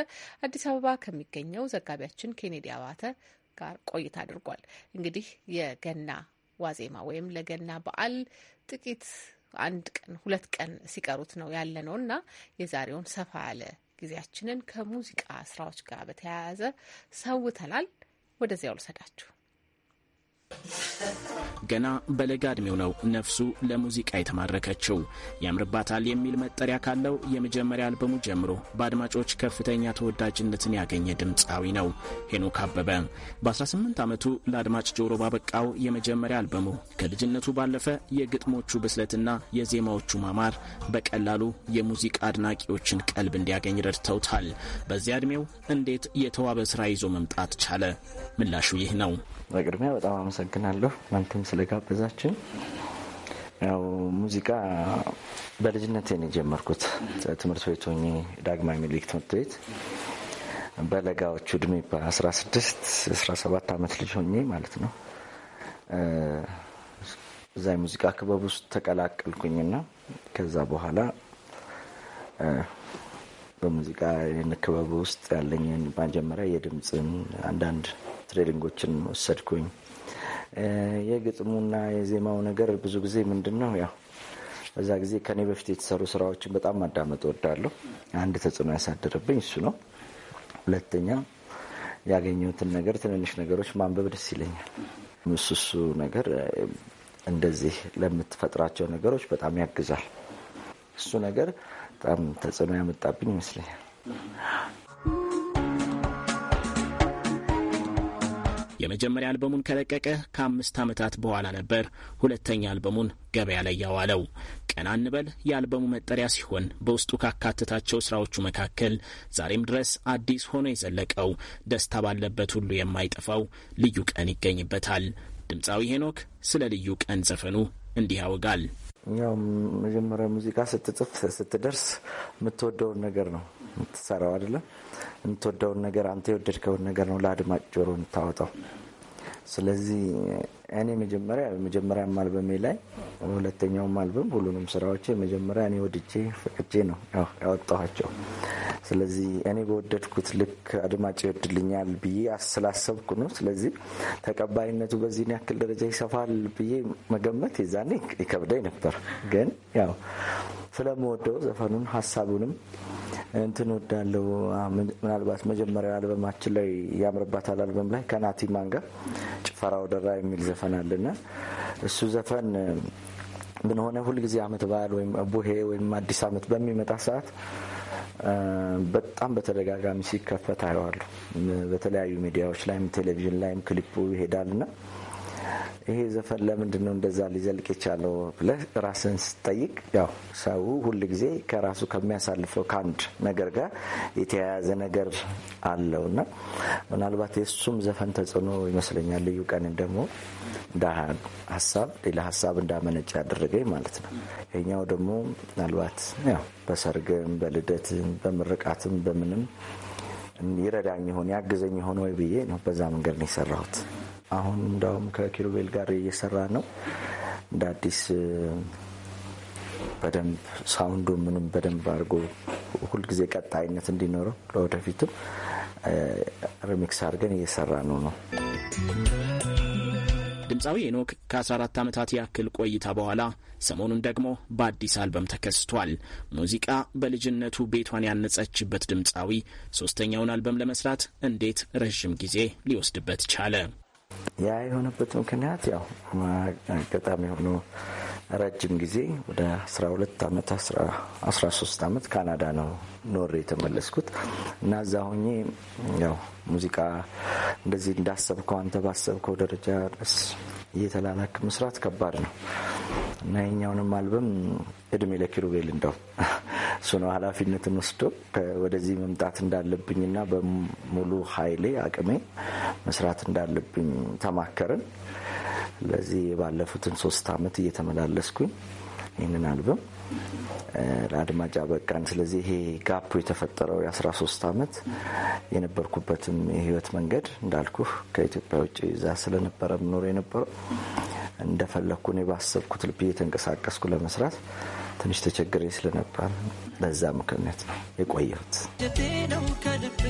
Speaker 1: አዲስ አበባ ከሚገኘው ዘጋቢያችን ኬኔዲ አባተ ጋር ቆይታ አድርጓል። እንግዲህ የገና ዋዜማ ወይም ለገና በዓል ጥቂት አንድ ቀን ሁለት ቀን ሲቀሩት ነው ያለ ነው እና የዛሬውን ሰፋ ያለ ጊዜያችንን ከሙዚቃ ስራዎች ጋር በተያያዘ ሰውተናል። ወደዚያ ልሰዳችሁ።
Speaker 10: ገና በለጋ እድሜው ነው ነፍሱ ለሙዚቃ የተማረከችው። ያምርባታል የሚል መጠሪያ ካለው የመጀመሪያ አልበሙ ጀምሮ በአድማጮች ከፍተኛ ተወዳጅነትን ያገኘ ድምፃዊ ነው ሄኖክ አበበ። በ18 ዓመቱ ለአድማጭ ጆሮ ባበቃው የመጀመሪያ አልበሙ ከልጅነቱ ባለፈ የግጥሞቹ ብስለትና የዜማዎቹ ማማር በቀላሉ የሙዚቃ አድናቂዎችን ቀልብ እንዲያገኝ ረድተውታል። በዚያ እድሜው እንዴት የተዋበ ስራ ይዞ መምጣት ቻለ? ምላሹ ይህ ነው።
Speaker 9: በቅድሚያ በጣም አመሰግናለሁ እናንተም ስለጋበዛችን። ያው ሙዚቃ በልጅነት ነው የጀመርኩት። ትምህርት ቤት ሆኜ ዳግማዊ ምኒልክ ትምህርት ቤት በለጋዎቹ እድሜ በ16 17 ዓመት ልጅ ሆኜ ማለት ነው እዛ የሙዚቃ ክበብ ውስጥ ተቀላቀልኩኝና ከዛ በኋላ በሙዚቃ ንክበብ ውስጥ ያለኝን መጀመሪያ የድምፅን አንዳንድ ትሬሊንጎችን ወሰድኩኝ። የግጥሙና የዜማው ነገር ብዙ ጊዜ ምንድን ነው ያው በዛ ጊዜ ከኔ በፊት የተሰሩ ስራዎችን በጣም ማዳመጥ ወዳለሁ አንድ ተጽዕኖ ያሳደረብኝ እሱ ነው። ሁለተኛ ያገኘሁትን ነገር ትንንሽ ነገሮች ማንበብ ደስ ይለኛል። እሱ እሱ ነገር እንደዚህ ለምትፈጥራቸው ነገሮች በጣም ያግዛል። እሱ ነገር በጣም ተጽዕኖ ያመጣብኝ ይመስለኛል።
Speaker 10: የመጀመሪያ አልበሙን ከለቀቀ ከአምስት ዓመታት በኋላ ነበር ሁለተኛ አልበሙን ገበያ ላይ ያዋለው። ቀና እንበል የአልበሙ መጠሪያ ሲሆን በውስጡ ካካተታቸው ስራዎቹ መካከል ዛሬም ድረስ አዲስ ሆኖ የዘለቀው ደስታ ባለበት ሁሉ የማይጠፋው ልዩ ቀን ይገኝበታል። ድምፃዊ ሄኖክ ስለ ልዩ ቀን ዘፈኑ እንዲህ ያወጋል።
Speaker 9: ያው መጀመሪያ ሙዚቃ ስትጽፍ ስትደርስ የምትወደውን ነገር ነው የምትሰራው፣ አይደለም የምትወደውን ነገር አንተ የወደድከውን ነገር ነው ለአድማጭ ጆሮ የምታወጣው። ስለዚህ እኔ መጀመሪያ መጀመሪያ አልበሜ ላይ ሁለተኛውም አልበም ሁሉንም ስራዎች መጀመሪያ እኔ ወድጄ ፈቅጄ ነው ያወጣኋቸው። ስለዚህ እኔ በወደድኩት ልክ አድማጭ ይወድልኛል ብዬ ስላሰብኩ ነው። ስለዚህ ተቀባይነቱ በዚህን ያክል ደረጃ ይሰፋል ብዬ መገመት የዛኔ ይከብደኝ ነበር። ግን ያው ስለምወደው ዘፈኑን ሀሳቡንም እንትን ወዳለው ምናልባት መጀመሪያ አልበማችን ላይ ያምርባታል አልበም ላይ ከናቲ ማንጋ ጭፈራው ደራ የሚል ዘፈን አለና እሱ ዘፈን ብንሆነ ሁልጊዜ አመት በዓል ወይም ቡሄ ወይም አዲስ አመት በሚመጣ ሰዓት በጣም በተደጋጋሚ ሲከፈት አየዋለሁ። በተለያዩ ሚዲያዎች ላይም ቴሌቪዥን ላይም ክሊፑ ይሄዳልና ይሄ ዘፈን ለምንድን ነው እንደዛ ሊዘልቅ የቻለው ብለህ ራስን ስትጠይቅ፣ ያው ሰው ሁል ጊዜ ከራሱ ከሚያሳልፈው ከአንድ ነገር ጋር የተያያዘ ነገር አለው እና ምናልባት የእሱም ዘፈን ተጽዕኖ ይመስለኛል። ልዩ ቀንን ደግሞ እንደ ሀሳብ ሌላ ሀሳብ እንዳመነጭ ያደረገኝ ማለት ነው። ይኛው ደግሞ ምናልባት ያው በሰርግም በልደትም በምርቃትም በምንም ይረዳኝ ይሆን ያግዘኝ ይሆን ወይ ብዬ ነው በዛ መንገድ ነው የሰራሁት። አሁን እንዳውም ከኪሩቤል ጋር እየሰራ ነው እንደ አዲስ በደንብ ሳውንዱ ምንም በደንብ አድርጎ ሁልጊዜ ቀጣይነት እንዲኖረው ለወደፊትም ሪሚክስ አድርገን እየሰራ ነው ነው
Speaker 10: ድምፃዊ ሄኖክ ከ14 ዓመታት ያክል ቆይታ በኋላ ሰሞኑን ደግሞ በአዲስ አልበም ተከስቷል። ሙዚቃ በልጅነቱ ቤቷን ያነጸችበት ድምፃዊ ሶስተኛውን አልበም ለመስራት እንዴት ረዥም ጊዜ ሊወስድበት ቻለ?
Speaker 9: ያ የሆነበት ምክንያት ያው አጋጣሚ ሆኖ ረጅም ጊዜ ወደ 12 ዓመት 13 ዓመት ካናዳ ነው ኖሬ የተመለስኩት እና እዛ ሆኜ ያው ሙዚቃ እንደዚህ እንዳሰብከው አንተ ባሰብከው ደረጃ እየተላላክ መስራት ከባድ ነው እና የኛውንም አልበም እድሜ ለኪሩቤል እንደው እሱ ነው ኃላፊነትን ወስዶ ወደዚህ መምጣት እንዳለብኝና በሙሉ ኃይሌ አቅሜ መስራት እንዳለብኝ ተማከርን። ለዚህ የባለፉትን ሶስት አመት እየተመላለስኩኝ ይህንን አልበም ለአድማጭ አበቃን። ስለዚህ ይሄ ጋፕ የተፈጠረው የ13 ዓመት የነበርኩበትም የህይወት መንገድ እንዳልኩ ከኢትዮጵያ ውጭ እዛ ስለነበረ ምኖር የነበረው እንደፈለግኩ እኔ ባሰብኩት ልብ እየተንቀሳቀስኩ ለመስራት ትንሽ ተቸግሬ ስለነበር በዛ ምክንያት ነው የቆየሁት። ነው ከልቤ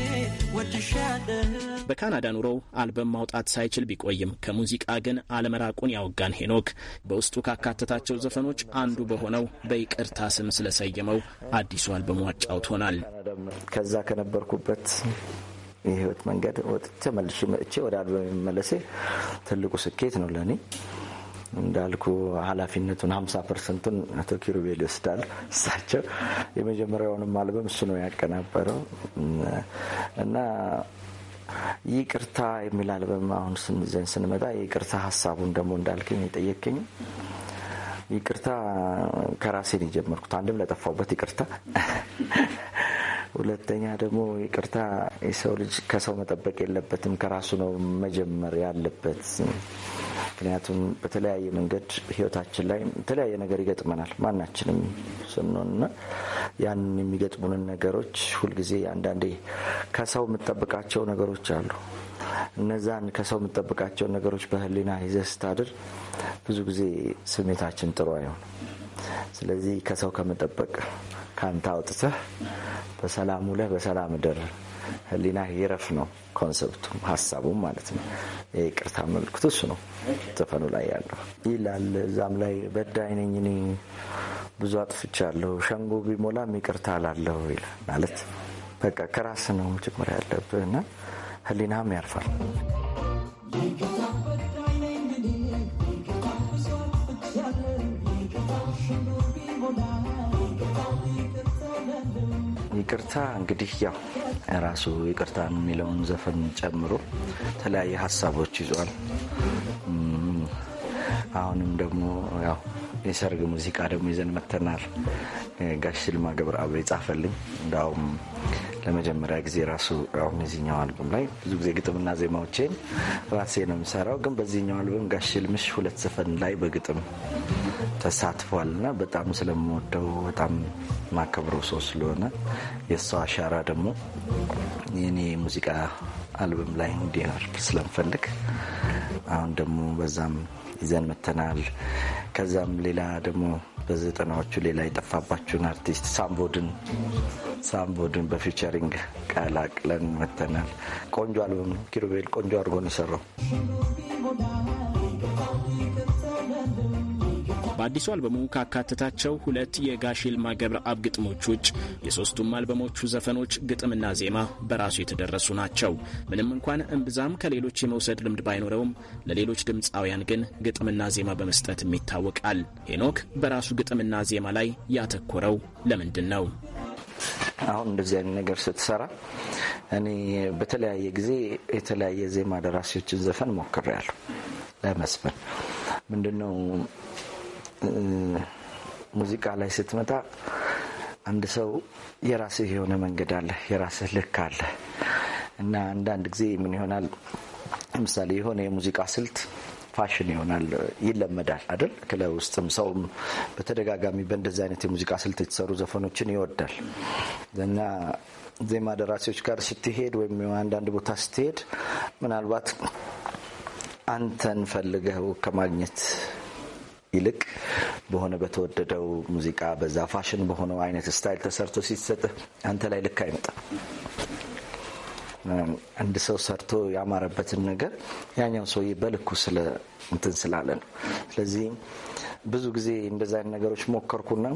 Speaker 10: በካናዳ ኑሮው አልበም ማውጣት ሳይችል ቢቆይም ከሙዚቃ ግን አለመራቁን ያወጋን ሄኖክ በውስጡ ካካተታቸው ዘፈኖች አንዱ በሆነው በይቅርታ ስም ስለሰየመው አዲሱ
Speaker 9: አልበሙ አጫውቶናል። ከዛ ከነበርኩበት የህይወት መንገድ ወጥቼ መልሼ መጥቼ ወደ አልበም የመለሴ ትልቁ ስኬት ነው ለእኔ። እንዳልኩ ኃላፊነቱን ሀምሳ ፐርሰንቱን አቶ ኪሩቤል ይወስዳል። እሳቸው የመጀመሪያውንም አልበም እሱ ነው ያቀናበረው እና ይቅርታ የሚል አልበም አሁን ዘን ስንመጣ ይቅርታ ሀሳቡን ደግሞ እንዳልክኝ የጠየቅኝ ይቅርታ ከራሴ የጀመርኩት። አንድም ለጠፋውበት ይቅርታ፣ ሁለተኛ ደግሞ ይቅርታ የሰው ልጅ ከሰው መጠበቅ የለበትም ከራሱ ነው መጀመር ያለበት ምክንያቱም በተለያየ መንገድ ህይወታችን ላይ የተለያየ ነገር ይገጥመናል ማናችንም ስንሆንና ያን የሚገጥሙንን ነገሮች ሁልጊዜ አንዳንዴ ከሰው የምጠብቃቸው ነገሮች አሉ። እነዛን ከሰው የምጠብቃቸውን ነገሮች በህሊና ይዘህ ስታድር ብዙ ጊዜ ስሜታችን ጥሩ አይሆን። ስለዚህ ከሰው ከመጠበቅ ከአንተ አውጥተህ በሰላም ውለህ በሰላም እደር፣ ህሊና ይረፍ ነው ኮንሰፕቱም ሀሳቡም ማለት ነው። ይቅርታ መልክቱ እሱ ነው ዘፈኑ ላይ ያለው ይላል። እዛም ላይ በዳይ ነኝ እኔ ብዙ አጥፍቻለሁ፣ ሸንጎ ቢሞላም ይቅርታ አላለሁ ይላል። ማለት በቃ ከራስ ነው መጀመሪያ ያለብህ እና ህሊናም ያርፋል። ይቅርታ እንግዲህ ያው ራሱ ይቅርታ የሚለውን ዘፈን ጨምሮ የተለያየ ሀሳቦች ይዟል። አሁንም ደግሞ ያው የሰርግ ሙዚቃ ደግሞ ይዘን መተናል። ጋሽ ልማ ገብረአብ የጻፈልኝ እንዳውም ለመጀመሪያ ጊዜ ራሱ አሁን አልበም ላይ ብዙ ጊዜ ግጥምና ዜማዎቼን ራሴ ነው የምሰራው፣ ግን በዚህኛው አልበም ጋሽ ልምሽ ሁለት ዘፈን ላይ በግጥም ተሳትፏል እና በጣም ስለምወደው በጣም ማከብረው ሰው ስለሆነ የእሷ አሻራ ደግሞ የኔ ሙዚቃ አልበም ላይ እንዲኖር ስለምፈልግ አሁን ደግሞ በዛም ይዘን መተናል። ከዛም ሌላ ደግሞ በዘጠናዎቹ ሌላ የጠፋባችሁን አርቲስት ሳምቦድን ሳምቦድን በፊቸሪንግ ቀላቅለን መተናል። ቆንጆ አልበም ነው። ኪሩቤል ቆንጆ አድርጎ ነው የሰራው።
Speaker 10: በአዲሱ አልበሙ ካካተታቸው ሁለት የጋሽ ይልማ ገብረአብ ግጥሞች ውጭ የሶስቱም አልበሞቹ ዘፈኖች ግጥምና ዜማ በራሱ የተደረሱ ናቸው። ምንም እንኳን እምብዛም ከሌሎች የመውሰድ ልምድ ባይኖረውም ለሌሎች ድምፃውያን ግን ግጥምና ዜማ በመስጠትም ይታወቃል። ሄኖክ በራሱ ግጥምና ዜማ ላይ ያተኮረው ለምንድን ነው?
Speaker 9: አሁን እንደዚህ አይነት ነገር ስትሰራ እኔ በተለያየ ጊዜ የተለያየ ዜማ ደራሲዎችን ዘፈን ሞክሬያለሁ ለመስፈን ምንድነው ሙዚቃ ላይ ስትመጣ አንድ ሰው የራስህ የሆነ መንገድ አለ፣ የራስህ ልክ አለ እና አንዳንድ ጊዜ ምን ይሆናል፣ ለምሳሌ የሆነ የሙዚቃ ስልት ፋሽን ይሆናል፣ ይለመዳል አይደል? ክለብ ውስጥም ሰውም በተደጋጋሚ በእንደዚህ አይነት የሙዚቃ ስልት የተሰሩ ዘፈኖችን ይወዳል እና ዜማ ደራሲዎች ጋር ስትሄድ ወይም አንዳንድ ቦታ ስትሄድ ምናልባት አንተን ፈልገው ከማግኘት ይልቅ በሆነ በተወደደው ሙዚቃ በዛ ፋሽን በሆነው አይነት ስታይል ተሰርቶ ሲሰጥ አንተ ላይ ልክ አይመጣም። አንድ ሰው ሰርቶ ያማረበትን ነገር ያኛው ሰውዬ በልኩ ስለ እንትን ስላለ ነው። ስለዚህ ብዙ ጊዜ እንደዚ አይነት ነገሮች ሞከርኩና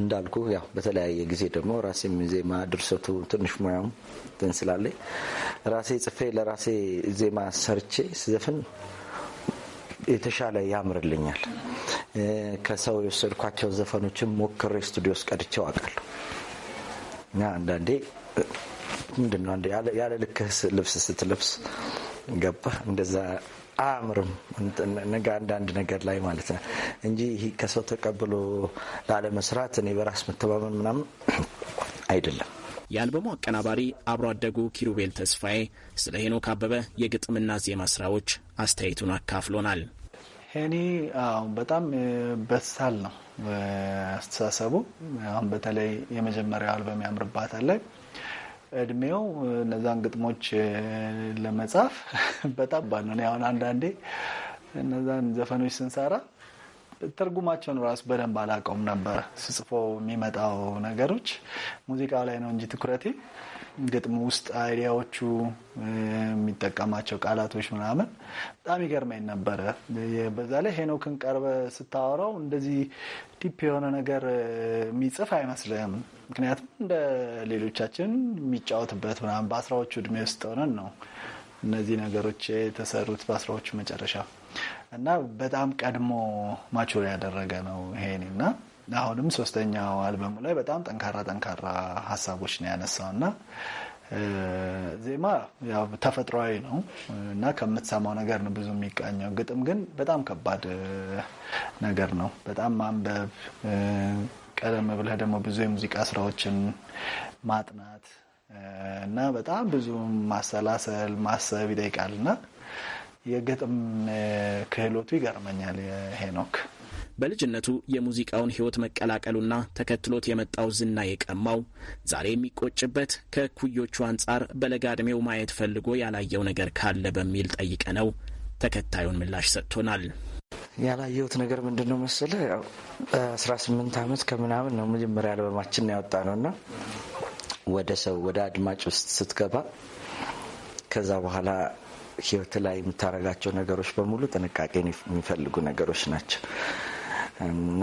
Speaker 9: እንዳልኩ ያው በተለያየ ጊዜ ደግሞ ራሴም ዜማ ድርሰቱ ትንሽ ሙያም እንትን ስላለ ራሴ ጽፌ ለራሴ ዜማ ሰርቼ ስዘፍን የተሻለ ያምርልኛል። ከሰው የወሰድኳቸው ዘፈኖችን ሞክሬ ስቱዲዮ ውስጥ ቀድቼው አውቃለሁ እና አንዳንዴ ምንድነው ያለ ልክህ ልብስ ስትለብስ ገባ እንደዛ አያምርም አንዳንድ ነገር ላይ ማለት ነው እንጂ ከሰው ተቀብሎ ላለመስራት እኔ በራስ መተማመን ምናምን አይደለም።
Speaker 10: የአልበሙ አቀናባሪ አብሮ አደጉ ኪሩቤል ተስፋዬ ስለ ሄኖክ አበበ የግጥምና ዜማ ስራዎች አስተያየቱን አካፍሎናል። ሄኒ
Speaker 16: አሁን በጣም በሳል ነው አስተሳሰቡ። አሁን በተለይ የመጀመሪያው አልበም ያምርባታል ላይ እድሜው እነዛን ግጥሞች ለመጻፍ በጣም ባነው። አሁን አንዳንዴ እነዛን ዘፈኖች ስንሰራ ትርጉማቸውን ራሱ በደንብ አላውቀውም ነበር ስጽፎ የሚመጣው ነገሮች ሙዚቃ ላይ ነው እንጂ ትኩረቴ ግጥሙ ውስጥ አይዲያዎቹ የሚጠቀማቸው ቃላቶች ምናምን በጣም ይገርመኝ ነበረ። በዛ ላይ ሄኖክን ቀርበ ስታወራው እንደዚህ ዲፕ የሆነ ነገር የሚጽፍ አይመስልም። ምክንያቱም እንደ ሌሎቻችን የሚጫወትበት ምናምን በአስራዎቹ እድሜ ውስጥ ሆነን ነው እነዚህ ነገሮች የተሰሩት በአስራዎቹ መጨረሻ እና በጣም ቀድሞ ማቾር ያደረገ ነው ይሄን እና አሁንም ሶስተኛው አልበሙ ላይ በጣም ጠንካራ ጠንካራ ሀሳቦች ነው ያነሳው እና ዜማ ያው ተፈጥሯዊ ነው እና ከምትሰማው ነገር ነው ብዙ የሚቃኘው። ግጥም ግን በጣም ከባድ ነገር ነው። በጣም ማንበብ፣ ቀደም ብለህ ደግሞ ብዙ የሙዚቃ ስራዎችን ማጥናት እና በጣም ብዙ ማሰላሰል
Speaker 10: ማሰብ ይጠይቃል እና የግጥም ክህሎቱ ይገርመኛል የሄኖክ በልጅነቱ የሙዚቃውን ህይወት መቀላቀሉና ተከትሎት የመጣው ዝና የቀማው ዛሬ የሚቆጭበት ከእኩዮቹ አንጻር በለጋ ዕድሜው ማየት ፈልጎ ያላየው ነገር ካለ በሚል ጠይቀ ነው ተከታዩን ምላሽ ሰጥቶናል።
Speaker 9: ያላየሁት ነገር ምንድን ነው መሰለህ፣ አስራ ስምንት ዓመት ከምናምን ነው መጀመሪያ አልበማችን ያወጣ ነው እና ወደ ሰው ወደ አድማጭ ውስጥ ስትገባ ከዛ በኋላ ህይወት ላይ የምታደርጋቸው ነገሮች በሙሉ ጥንቃቄ የሚፈልጉ ነገሮች ናቸው። እና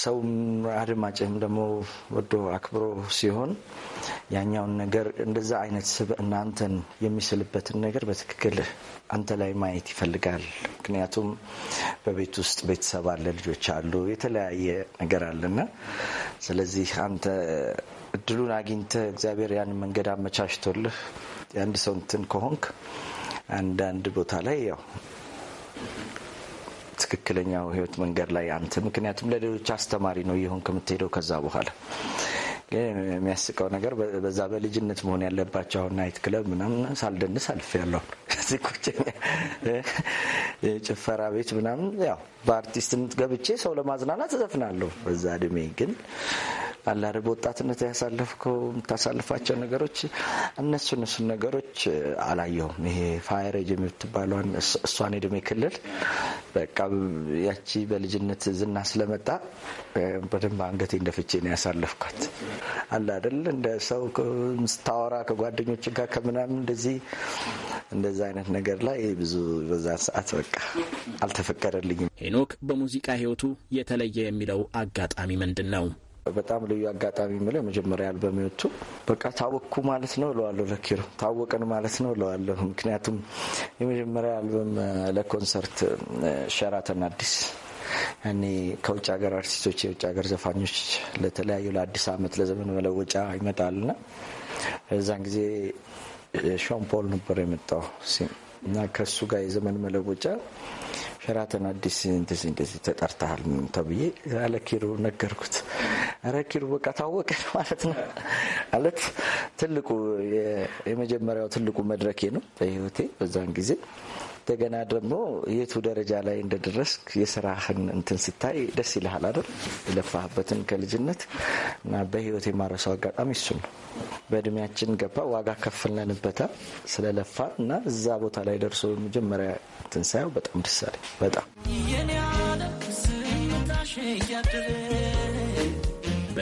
Speaker 9: ሰውም አድማጭህም ደግሞ ወዶ አክብሮ ሲሆን ያኛውን ነገር እንደዛ አይነት ስብ እናንተን የሚስልበትን ነገር በትክክል አንተ ላይ ማየት ይፈልጋል። ምክንያቱም በቤት ውስጥ ቤተሰብ አለ፣ ልጆች አሉ፣ የተለያየ ነገር አለና ስለዚህ አንተ እድሉን አግኝተ እግዚአብሔር ያንን መንገድ አመቻችቶልህ የአንድ ሰው እንትን ከሆንክ አንዳንድ ቦታ ላይ ያው ትክክለኛው ህይወት መንገድ ላይ አንተ ምክንያቱም ለሌሎች አስተማሪ ነው ይሁን ከምትሄደው ከዛ በኋላ ግን የሚያስቀው ነገር በዛ በልጅነት መሆን ያለባቸው አሁን ናይት ክለብ ምናምን ሳልደንስ አልፍ ያለሁ ጭፈራ ቤት ምናምን ያው በአርቲስትነት ገብቼ ሰው ለማዝናናት እዘፍናለሁ። በዛ እድሜ ግን ባላደር በወጣትነት ያሳለፍከው የምታሳልፋቸው ነገሮች እነሱ እነሱ ነገሮች አላየውም። ይሄ ፋየር የምትባሏን እሷን እድሜ ክልል በቃ ያቺ በልጅነት ዝና ስለመጣ በደንብ አንገቴ እንደፍቼ ነው ያሳለፍኳት። አለ አይደል እንደ ሰው ስታወራ ከጓደኞች ጋር ከምናምን እንደዚህ እንደዚ አይነት ነገር ላይ ብዙ በዛ ሰዓት በቃ አልተፈቀደልኝም።
Speaker 10: ሄኖክ በሙዚቃ ህይወቱ የተለየ የሚለው አጋጣሚ ምንድን ነው?
Speaker 9: በጣም ልዩ አጋጣሚ የምለው የመጀመሪያ አልበሜዎቹ በቃ ታወቅኩ ማለት ነው እለዋለሁ። ለኪሮ ታወቅን ማለት ነው እለዋለሁ። ምክንያቱም የመጀመሪያ አልበም ለኮንሰርት ሸራተን አዲስ እኔ ከውጭ ሀገር አርቲስቶች የውጭ ሀገር ዘፋኞች ለተለያዩ ለአዲስ አመት ለዘመን መለወጫ ይመጣልና እዛን ጊዜ ሾን ፖል ነበር የመጣው እና ከሱ ጋር የዘመን መለወጫ ራትን አዲስ እንደዚህ እንደዚህ ተጠርተሃል ተብዬ አለ ኪሩ ነገርኩት። ኧረ ኪሩ በቃ ታወቀ ማለት ነው አለት ትልቁ የመጀመሪያው ትልቁ መድረኬ ነው በህይወቴ በዛን ጊዜ እንደገና ደግሞ የቱ ደረጃ ላይ እንደደረስክ የስራህን እንትን ስታይ ደስ ይልሃል አይደል? የለፋህበትን ከልጅነት እና በህይወት የማረሰው አጋጣሚ እሱ ነው። በእድሜያችን ገባ ዋጋ ከፍለንበታል ስለለፋ እና እዛ ቦታ ላይ ደርሶ መጀመሪያ ትንሳኤው በጣም ደስ አለኝ በጣም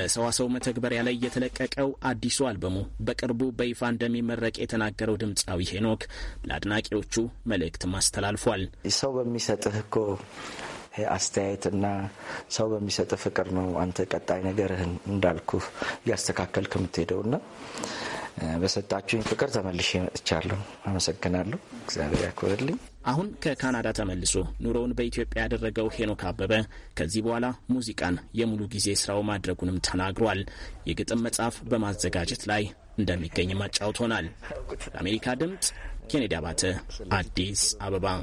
Speaker 9: በሰዋሰው
Speaker 10: መተግበሪያ ላይ የተለቀቀው አዲሱ አልበሙ በቅርቡ በይፋ እንደሚመረቅ የተናገረው ድምፃዊ ሄኖክ ለአድናቂዎቹ መልእክትም አስተላልፏል።
Speaker 9: ሰው በሚሰጥህ እኮ አስተያየት እና ሰው በሚሰጥህ ፍቅር ነው አንተ ቀጣይ ነገርህን እንዳልኩ እያስተካከልክ የምትሄደው እና በሰጣችሁኝ ፍቅር ተመልሼ መጥቻለሁ። አመሰግናለሁ። እግዚአብሔር ያክብርልኝ። አሁን
Speaker 10: ከካናዳ ተመልሶ ኑሮውን በኢትዮጵያ ያደረገው ሄኖክ አበበ ከዚህ በኋላ ሙዚቃን የሙሉ ጊዜ ስራው ማድረጉንም ተናግሯል። የግጥም መጽሐፍ በማዘጋጀት ላይ እንደሚገኝም አጫውቶናል። ለአሜሪካ ድምፅ ኬኔዲ አባተ አዲስ አበባ።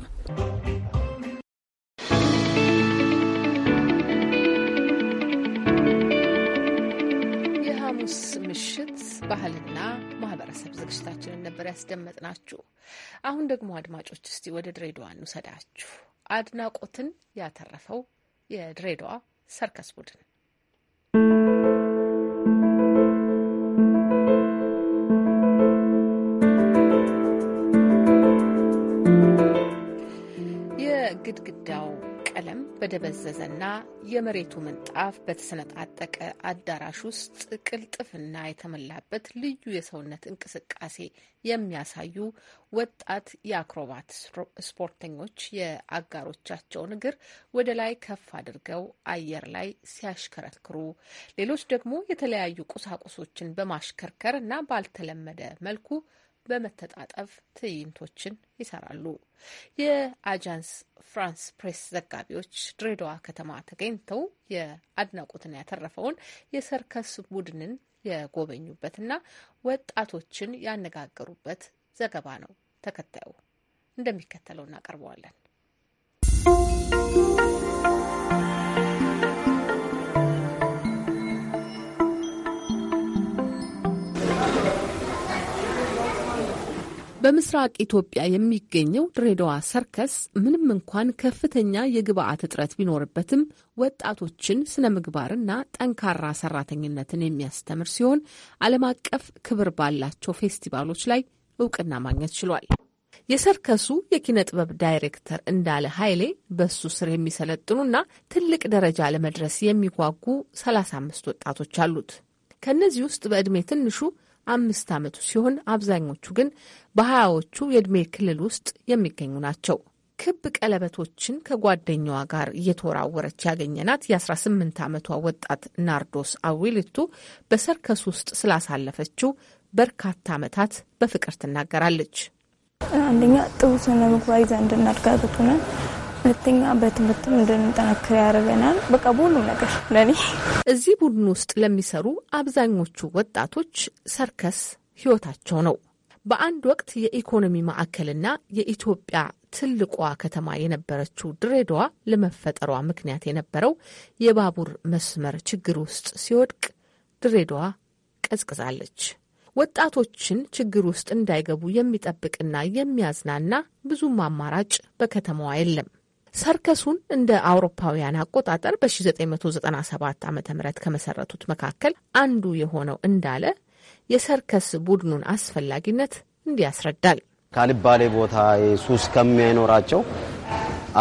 Speaker 1: ምሽት ባህል ዝግጅታችንን ነበር ያስደመጥናችሁ። አሁን ደግሞ አድማጮች እስቲ ወደ ድሬዳዋ እንውሰዳችሁ። አድናቆትን ያተረፈው የድሬዳዋ ሰርከስ ቡድን የግድግዳው ቀለም በደበዘዘና የመሬቱ ምንጣፍ በተሰነጣጠቀ አዳራሽ ውስጥ ቅልጥፍና የተሞላበት ልዩ የሰውነት እንቅስቃሴ የሚያሳዩ ወጣት የአክሮባት ስፖርተኞች የአጋሮቻቸውን እግር ወደ ላይ ከፍ አድርገው አየር ላይ ሲያሽከረክሩ፣ ሌሎች ደግሞ የተለያዩ ቁሳቁሶችን በማሽከርከር እና ባልተለመደ መልኩ በመተጣጠፍ ትዕይንቶችን ይሰራሉ። የአጃንስ ፍራንስ ፕሬስ ዘጋቢዎች ድሬዳዋ ከተማ ተገኝተው የአድናቆትን ያተረፈውን የሰርከስ ቡድንን የጎበኙበትና ወጣቶችን ያነጋገሩበት ዘገባ ነው። ተከታዩ እንደሚከተለው እናቀርበዋለን። በምስራቅ ኢትዮጵያ የሚገኘው ድሬዳዋ ሰርከስ ምንም እንኳን ከፍተኛ የግብአት እጥረት ቢኖርበትም ወጣቶችን ስነ ምግባርና ጠንካራ ሰራተኝነትን የሚያስተምር ሲሆን ዓለም አቀፍ ክብር ባላቸው ፌስቲቫሎች ላይ እውቅና ማግኘት ችሏል። የሰርከሱ የኪነ ጥበብ ዳይሬክተር እንዳለ ኃይሌ በሱ ስር የሚሰለጥኑና ትልቅ ደረጃ ለመድረስ የሚጓጉ 35 ወጣቶች አሉት። ከእነዚህ ውስጥ በዕድሜ ትንሹ አምስት ዓመቱ ሲሆን አብዛኞቹ ግን በሀያዎቹ የዕድሜ ክልል ውስጥ የሚገኙ ናቸው። ክብ ቀለበቶችን ከጓደኛዋ ጋር እየተወራወረች ያገኘናት የ18 ዓመቷ ወጣት ናርዶስ አዊልቱ በሰርከስ ውስጥ ስላሳለፈችው በርካታ ዓመታት በፍቅር ትናገራለች።
Speaker 3: አንደኛ ጥሩ ስነ ምግባር ይዛ እንድናድጋገቱነን ሁለተኛ በትምህርትም እንድንጠናክር ያደርገናል። በቃ በሁሉም ነገር ለኔ እዚህ ቡድን ውስጥ ለሚሰሩ
Speaker 1: አብዛኞቹ ወጣቶች ሰርከስ ህይወታቸው ነው። በአንድ ወቅት የኢኮኖሚ ማዕከልና የኢትዮጵያ ትልቋ ከተማ የነበረችው ድሬዳዋ ለመፈጠሯ ምክንያት የነበረው የባቡር መስመር ችግር ውስጥ ሲወድቅ ድሬዳዋ ቀዝቅዛለች። ወጣቶችን ችግር ውስጥ እንዳይገቡ የሚጠብቅና የሚያዝናና ብዙም አማራጭ በከተማዋ የለም። ሰርከሱን እንደ አውሮፓውያን አቆጣጠር በ1997 ዓ ም ከመሰረቱት መካከል አንዱ የሆነው እንዳለ የሰርከስ ቡድኑን አስፈላጊነት እንዲህ ያስረዳል።
Speaker 9: ካልባሌ ቦታ ሱስ ከሚያይኖራቸው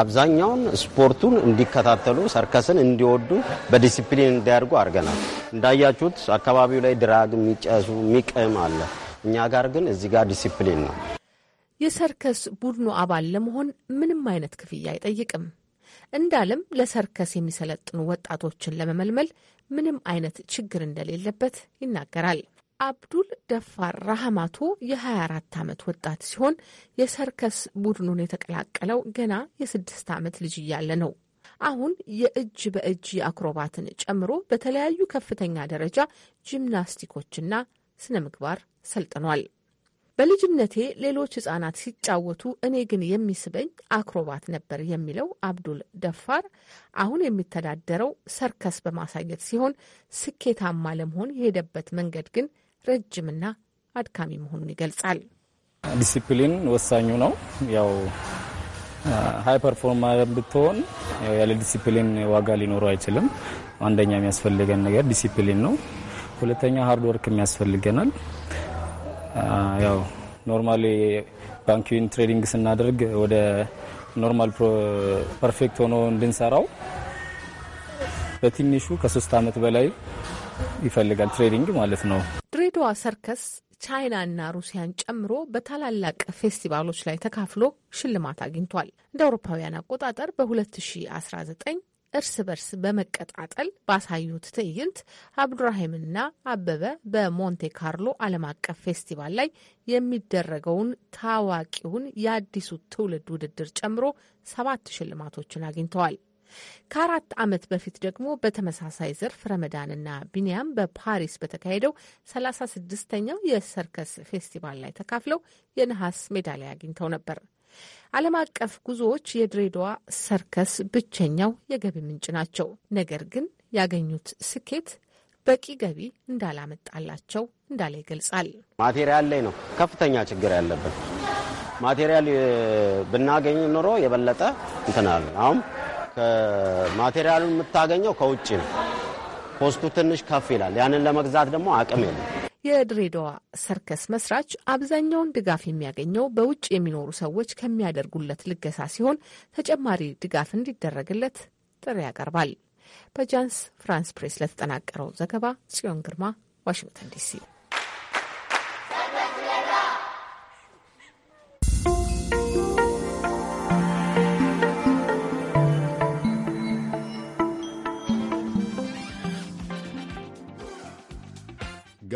Speaker 9: አብዛኛውን ስፖርቱን እንዲከታተሉ ሰርከስን እንዲወዱ በዲሲፕሊን እንዲያደርጉ አድርገናል። እንዳያችሁት አካባቢው ላይ ድራግ የሚጨሱ የሚቅም አለ። እኛ ጋር ግን እዚህ ጋር ዲሲፕሊን ነው።
Speaker 1: የሰርከስ ቡድኑ አባል ለመሆን ምንም አይነት ክፍያ አይጠይቅም። እንዳለም ለሰርከስ የሚሰለጥኑ ወጣቶችን ለመመልመል ምንም አይነት ችግር እንደሌለበት ይናገራል። አብዱል ደፋር ራህማቶ የ24 ዓመት ወጣት ሲሆን የሰርከስ ቡድኑን የተቀላቀለው ገና የስድስት ዓመት ልጅ እያለ ነው። አሁን የእጅ በእጅ አክሮባትን ጨምሮ በተለያዩ ከፍተኛ ደረጃ ጂምናስቲኮችና ስነ ምግባር ሰልጥኗል። በልጅነቴ ሌሎች ህጻናት ሲጫወቱ እኔ ግን የሚስበኝ አክሮባት ነበር የሚለው አብዱል ደፋር አሁን የሚተዳደረው ሰርከስ በማሳየት ሲሆን ስኬታማ ለመሆን የሄደበት መንገድ ግን ረጅምና አድካሚ መሆኑን ይገልጻል።
Speaker 4: ዲሲፕሊን
Speaker 14: ወሳኙ ነው። ያው ሀይ ፐርፎርመር ብትሆን ያለ ዲሲፕሊን ዋጋ ሊኖረው አይችልም። አንደኛ የሚያስፈልገን ነገር ዲሲፕሊን ነው። ሁለተኛ ሀርድ ወርክ የሚያስፈልገናል። ያው ኖርማሊ ባንኪን ትሬዲንግ ስናደርግ ወደ ኖርማል ፐርፌክት ሆኖ እንድንሰራው በትንሹ ከሶስት ዓመት በላይ ይፈልጋል ትሬዲንግ ማለት ነው።
Speaker 1: ድሬዳዋ ሰርከስ ቻይና እና ሩሲያን ጨምሮ በታላላቅ ፌስቲቫሎች ላይ ተካፍሎ ሽልማት አግኝቷል። እንደ አውሮፓውያን አቆጣጠር በ2019 እርስ በርስ በመቀጣጠል ባሳዩት ትዕይንት አብዱራሂምና አበበ በሞንቴ ካርሎ ዓለም አቀፍ ፌስቲቫል ላይ የሚደረገውን ታዋቂውን የአዲሱ ትውልድ ውድድር ጨምሮ ሰባት ሽልማቶችን አግኝተዋል። ከአራት ዓመት በፊት ደግሞ በተመሳሳይ ዘርፍ ረመዳንና ቢንያም በፓሪስ በተካሄደው 36 ስድስተኛው የሰርከስ ፌስቲቫል ላይ ተካፍለው የነሐስ ሜዳሊያ አግኝተው ነበር። ዓለም አቀፍ ጉዞዎች የድሬዳዋ ሰርከስ ብቸኛው የገቢ ምንጭ ናቸው። ነገር ግን ያገኙት ስኬት በቂ ገቢ እንዳላመጣላቸው እንዳለ ይገልጻል።
Speaker 14: ማቴሪያል ላይ ነው ከፍተኛ ችግር ያለብን።
Speaker 9: ማቴሪያል ብናገኝ ኑሮ የበለጠ እንትናል። አሁን ማቴሪያሉን የምታገኘው ከውጭ ነው። ኮስቱ ትንሽ ከፍ ይላል። ያንን ለመግዛት ደግሞ አቅም የለም።
Speaker 1: የድሬዳዋ ሰርከስ መስራች አብዛኛውን ድጋፍ የሚያገኘው በውጭ የሚኖሩ ሰዎች ከሚያደርጉለት ልገሳ ሲሆን ተጨማሪ ድጋፍ እንዲደረግለት ጥሪ ያቀርባል። በጃንስ ፍራንስ ፕሬስ ለተጠናቀረው ዘገባ ጽዮን ግርማ ዋሽንግተን ዲሲ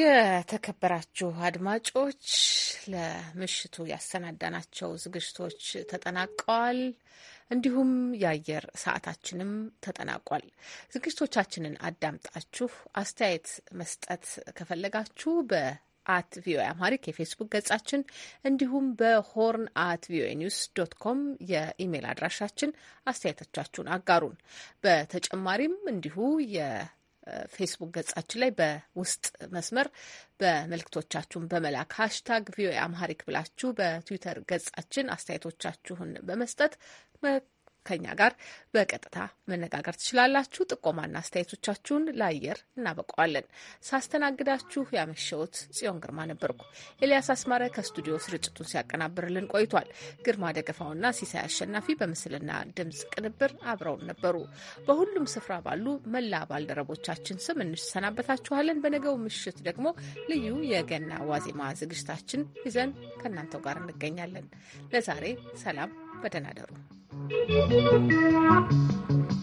Speaker 1: የተከበራችሁ አድማጮች ለምሽቱ ያሰናዳናቸው ዝግጅቶች ተጠናቀዋል። እንዲሁም የአየር ሰዓታችንም ተጠናቋል። ዝግጅቶቻችንን አዳምጣችሁ አስተያየት መስጠት ከፈለጋችሁ በአት ቪኦኤ አማሪክ የፌስቡክ ገጻችን እንዲሁም በሆርን አት ቪኦኤ ኒውስ ዶት ኮም የኢሜይል አድራሻችን አስተያየቶቻችሁን አጋሩን። በተጨማሪም እንዲሁ ፌስቡክ ገጻችን ላይ በውስጥ መስመር በመልእክቶቻችሁን በመላክ ሀሽታግ ቪኦኤ አምሃሪክ ብላችሁ በትዊተር ገጻችን አስተያየቶቻችሁን በመስጠት ከኛ ጋር በቀጥታ መነጋገር ትችላላችሁ። ጥቆማና አስተያየቶቻችሁን ለአየር እናበቀዋለን። ሳስተናግዳችሁ ያመሸሁት ጽዮን ግርማ ነበርኩ። ኤልያስ አስማረ ከስቱዲዮ ስርጭቱን ሲያቀናብርልን ቆይቷል። ግርማ ደገፋውና ሲሳይ አሸናፊ በምስልና ድምፅ ቅንብር አብረውን ነበሩ። በሁሉም ስፍራ ባሉ መላ ባልደረቦቻችን ስም እንሰናበታችኋለን። በነገው ምሽት ደግሞ ልዩ የገና ዋዜማ ዝግጅታችን ይዘን ከእናንተው ጋር እንገኛለን። ለዛሬ ሰላም፣ በደህና ደሩ። Thank
Speaker 15: you.